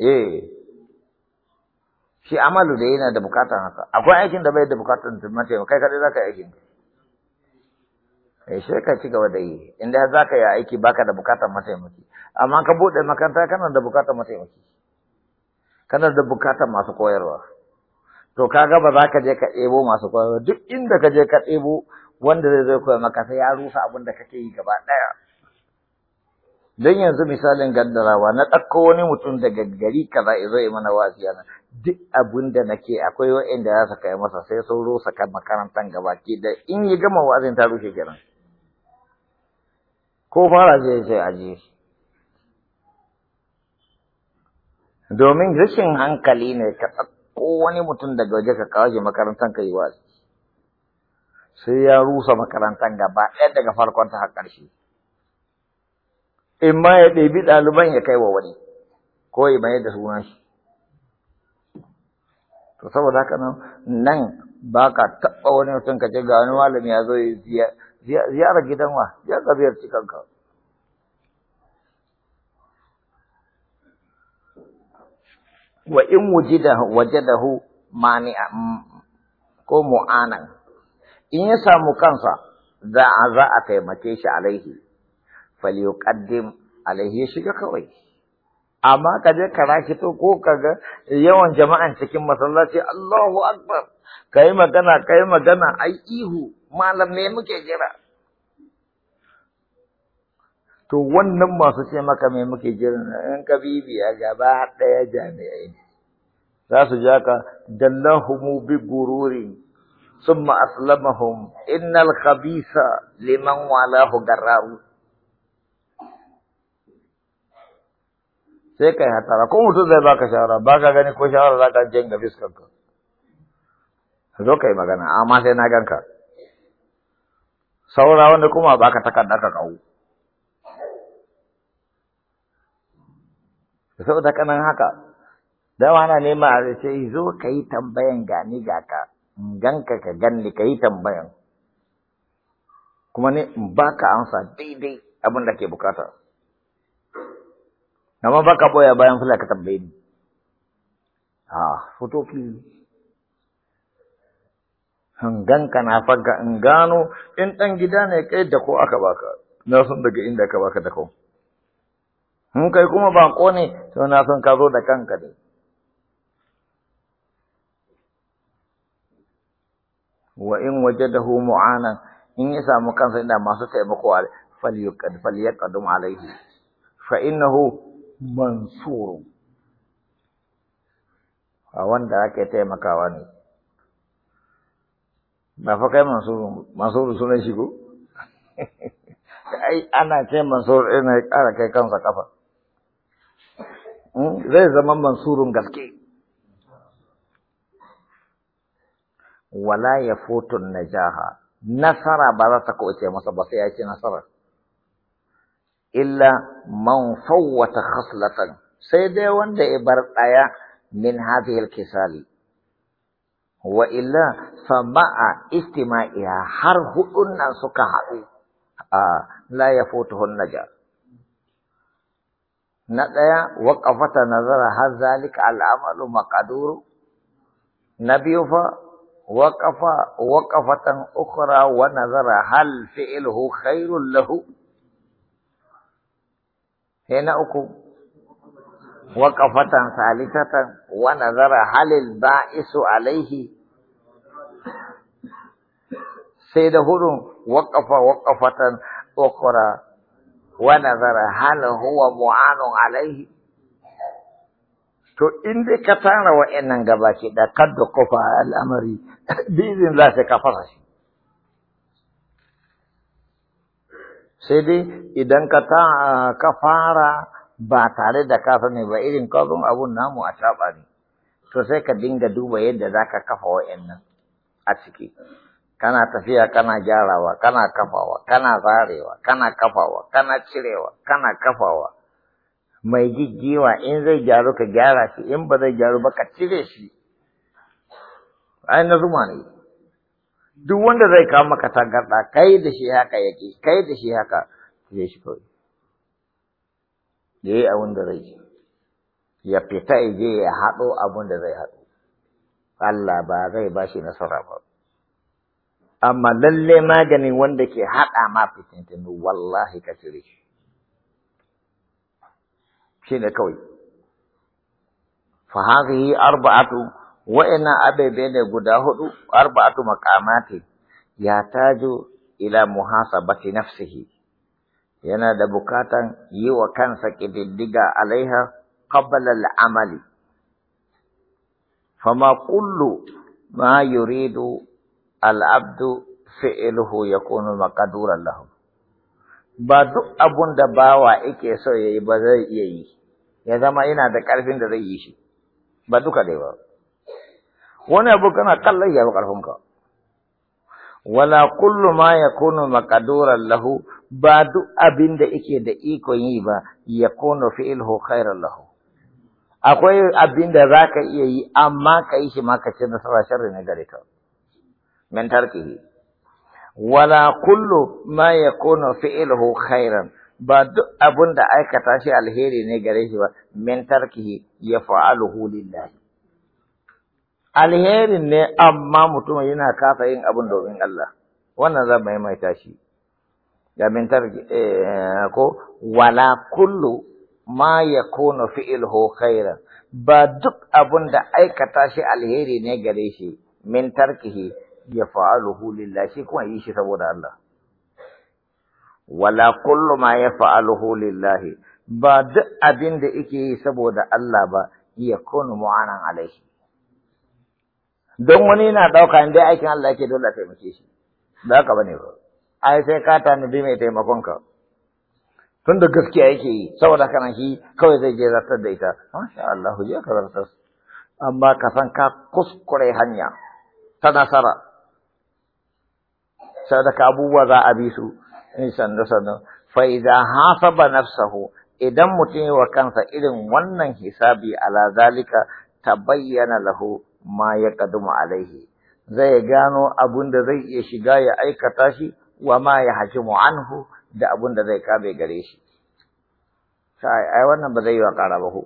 eh shi amalu da yana da bukatan haka akwai aikin da bai da bukatan mace kai za ka yi aikin eh sai ka ci gaba da yi inda ka yi aiki baka da bukatan mataimaki amma ka buɗe makaranta kana da bukatan mataimaki kana da bukatan masu koyarwa to ka gaba za ka je ka ɗebo masu koyarwa duk inda ka je ka ɗebo wanda zai zo koya maka sai ya rusa abin da kake yi gaba ɗaya don yanzu misalin gaddarawa na ɗauko wani mutum daga gari kaza ya zo mana wasiya yana duk abin da nake akwai za ya kai masa sai sun rusa kan makarantar gabaki da in yi gama wa'azin ta rushe kenan ko fara zai sai aje domin rashin hankali ne ka ɗauko wani mutum daga waje ka kawo shi makarantar ka yi wasi sai ya rusa makarantar gaba ɗaya daga farkon ta har ƙarshe in ma ya ɗebi ɗaliban ya kai wa wani ko ya mayar da suna shi to saboda haka nan ba ka taɓa wani mutum ka ce ga wani malami ya zo ziyara gidan wa ya ga ziyarci kanka wa in wujidahu wajadahu mani'a ko mu'anan in ya samu kansa za a za a taimake shi alaihi falyuqaddim alaihi shiga kawai amma ka je ka ko kaga yawan jama'an cikin masallaci Allahu akbar kai magana kai magana ai ihu malam me muke jira to wannan masu ce maka me muke jira in ka bibiya gaba daya jami'ai za su ja ka dallahumu bi gururin summa aslamahum innal khabisa liman walahu garraru sai ka yi hatara ko mutum zai baka shawara ba ka gani ko shawara za ka jin ga fiskar ka zo ka yi magana amma sai na ganka saura wanda kuma baka takarda ka kawo saboda kanan haka dama ana nema a ce zo ka yi tambayan gani ga ka ganka ka ganni ka yi tambayan kuma ne in baka amsa daidai abin da ke bukata amma baka boya bayan fula ka tambaye ni a In gan ka na faga in gano in ɗan gida ne kai da ko aka baka na san daga inda aka baka da ko in kai kuma bako ne to na san ka zo da kanka ne wa in wajadahu mu'anan in ya samu kansa inda masu taimako falyaqad falyaqadum alaihi fa innahu mansurun a wanda ake taimakawa ne ba fa kai mansuru mansuru sunan shi ko ai ana ce mansur ina eh, ya kai kansa kafa hmm? zai zama mansurun gaske wala ya fotun najaha nasara ba za ta kauce masa ba sai ya nasara إلا من فوت خصلة سيدي وند إبرقايا من هذه الكسال وإلا فمع استماعها حره أن سكها آه لا يفوته النجاة نتايا وقفت نظر هل ذلك العمل مقدور نبي فا وقف وقفة أخرى ونظر هل فعله خير له sai eh, na uku waƙafatan salisatan wa nazara halil ba'isu alaihi sai da hudun waƙafa waƙafatan ukura wa nazara hal huwa mu'anun alaihi to in dai ka tara wa'annan gabaki da kadda kofa al'amari bizin za ka fara shi sai dai idan ka ta ka fara ba tare da kafa ne ba irin kafin abun namu a saba ne to sai ka dinga duba yadda za ka kafa wa'annan a ciki kana tafiya kana gyarawa kana kafawa kana zarewa kana kafawa kana cirewa kana kafawa mai jijjiwa in zai gyaru ka gyara shi in ba zai gyaru ba ka cire shi ai na zuma ne duk wanda zai kawo maka tangarɗa kai da shi haka yake kai da shi haka zai shi kawai ya yi abin da zai ya fita ya je ya haɗo abin da zai haɗo Allah ba zai ba shi nasara ba amma lalle maganin wanda ke haɗa ma fitintinu wallahi ka cire shi shi ne kawai fa hadhihi arba'atu Wa'ina abebe ne guda hudu arba'atu maqamati ya taju ila muhasabati nafsihi yana da bukatan yi wa kansa kididdiga alaiha qabla al-amali fama kullu ma yuridu al-abdu fi'luhu yakunu maqduran lahu ba duk abun da bawa yake so yayi ba zai iya yi ya zama yana da karfin da zai yi shi ba duka dai ba wani abu kana kallon ya fi ka. wala kullu ma ya yakunu maqduran lahu ba duk abin da ike da ikon yi ba ya fi ilho khairar lahu akwai abin da ka iya yi amma ka yi shi ma ka ce nasara sharri ne gare ka min tarkihi wala kullu ma ya fi ilho khairan ba duk abin da aikata shi alheri ne gare shi ba min yi ya fa'aluhu lillahi alherin ne amma mutum yana kafa yin abin domin Allah wannan zan maimaita shi domin mintar eh, ko wala kullu ma yakunu fi'luhu khairan ba duk abun da aikata shi alheri ne gare shi min tarkihi ya fa'aluhu lillahi shi kuma yi shi saboda Allah wala kullu ma ya fa'aluhu lillahi ba duk abin da yake yi saboda Allah ba ya kunu mu'anan alaihi don wani yana ɗauka in dai aikin Allah yake dole a taimake shi ba haka bane ba ai sai ka tanadi mai taimakon ka tun da gaskiya yake yi saboda kana shi kawai zai je zartar da ita masha Allah je ka zartar amma ka san ka kuskure hanya ta nasara sadaka abubuwa za a bi su in sanda sanda fa idan hasaba nafsahu idan mutum wa kansa irin wannan hisabi ala zalika bayyana lahu ma ya kadumu alaihi zai gano abun da zai iya shiga ya aikata shi wa ma ya hakimu anhu da abun da zai kabe gare shi sai ai wannan ba zai yi wa ƙara ba ko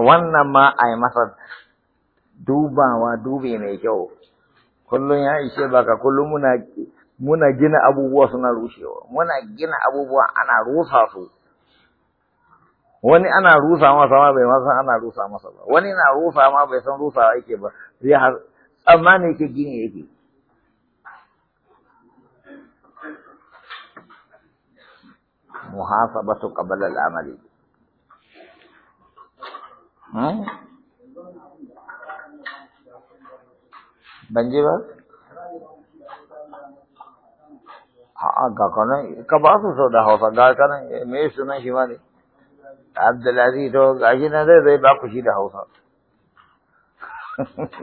wannan ma ai masa dubawa dubi mai kyau kullum ya ishe baka kullum muna muna gina abubuwa suna rushewa muna gina abubuwa ana rusa su wani ana rusa masa ma bai san ana rusa masa ba wani na rusa ma bai san rusa yake ba sai har tsammani yake gini yake muhasabatu qabla al-amali hmm? ban je ba a'a ga kana ka ba su sau da hausa ga kana me sunan shi ma ne Abdullazi to gashi na zai zai ba ku shi da Hausa.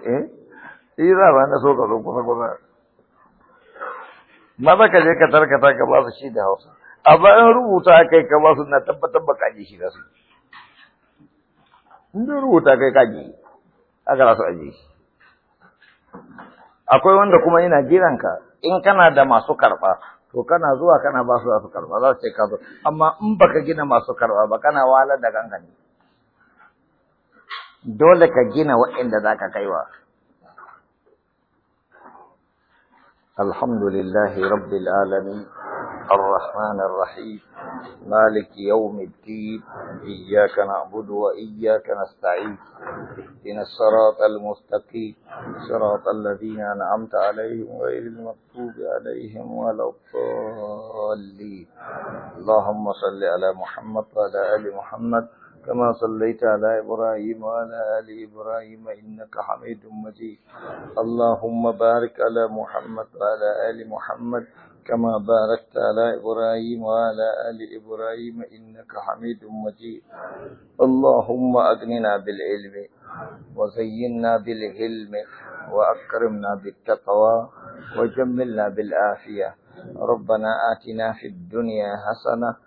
Eh? Shi za ba na so ka zo kusa kusa. Maza ka je ka tarkata ka ba su shi da Hausa. A bayan rubuta a kai ka ba su na tabbatar ba kaji shi da su. In rubuta kai kaji, ga rasu aji shi. Akwai wanda kuma yana jiranka in kana da masu karɓa to kana zuwa kana ba su za karba za su ce ka zo amma in baka gina masu karba ba kana wala da gangane dole ka gina waɗanda za ka kaiwa alhamdulillahi rabbil alamin الرحمن الرحيم مالك يوم الدين إياك نعبد وإياك نستعين إن الصراط المستقيم صراط الذين أنعمت عليهم غير المكتوب عليهم ولا الضالين اللهم صل على محمد وعلى آل محمد كما صليت على إبراهيم وعلى آل إبراهيم إنك حميد مجيد اللهم بارك على محمد وعلى آل محمد كما باركت على إبراهيم وعلى آل إبراهيم إنك حميد مجيد اللهم أغننا بالعلم وزينا بالعلم وأكرمنا بالتقوى وجملنا بالعافية ربنا آتنا في الدنيا حسنة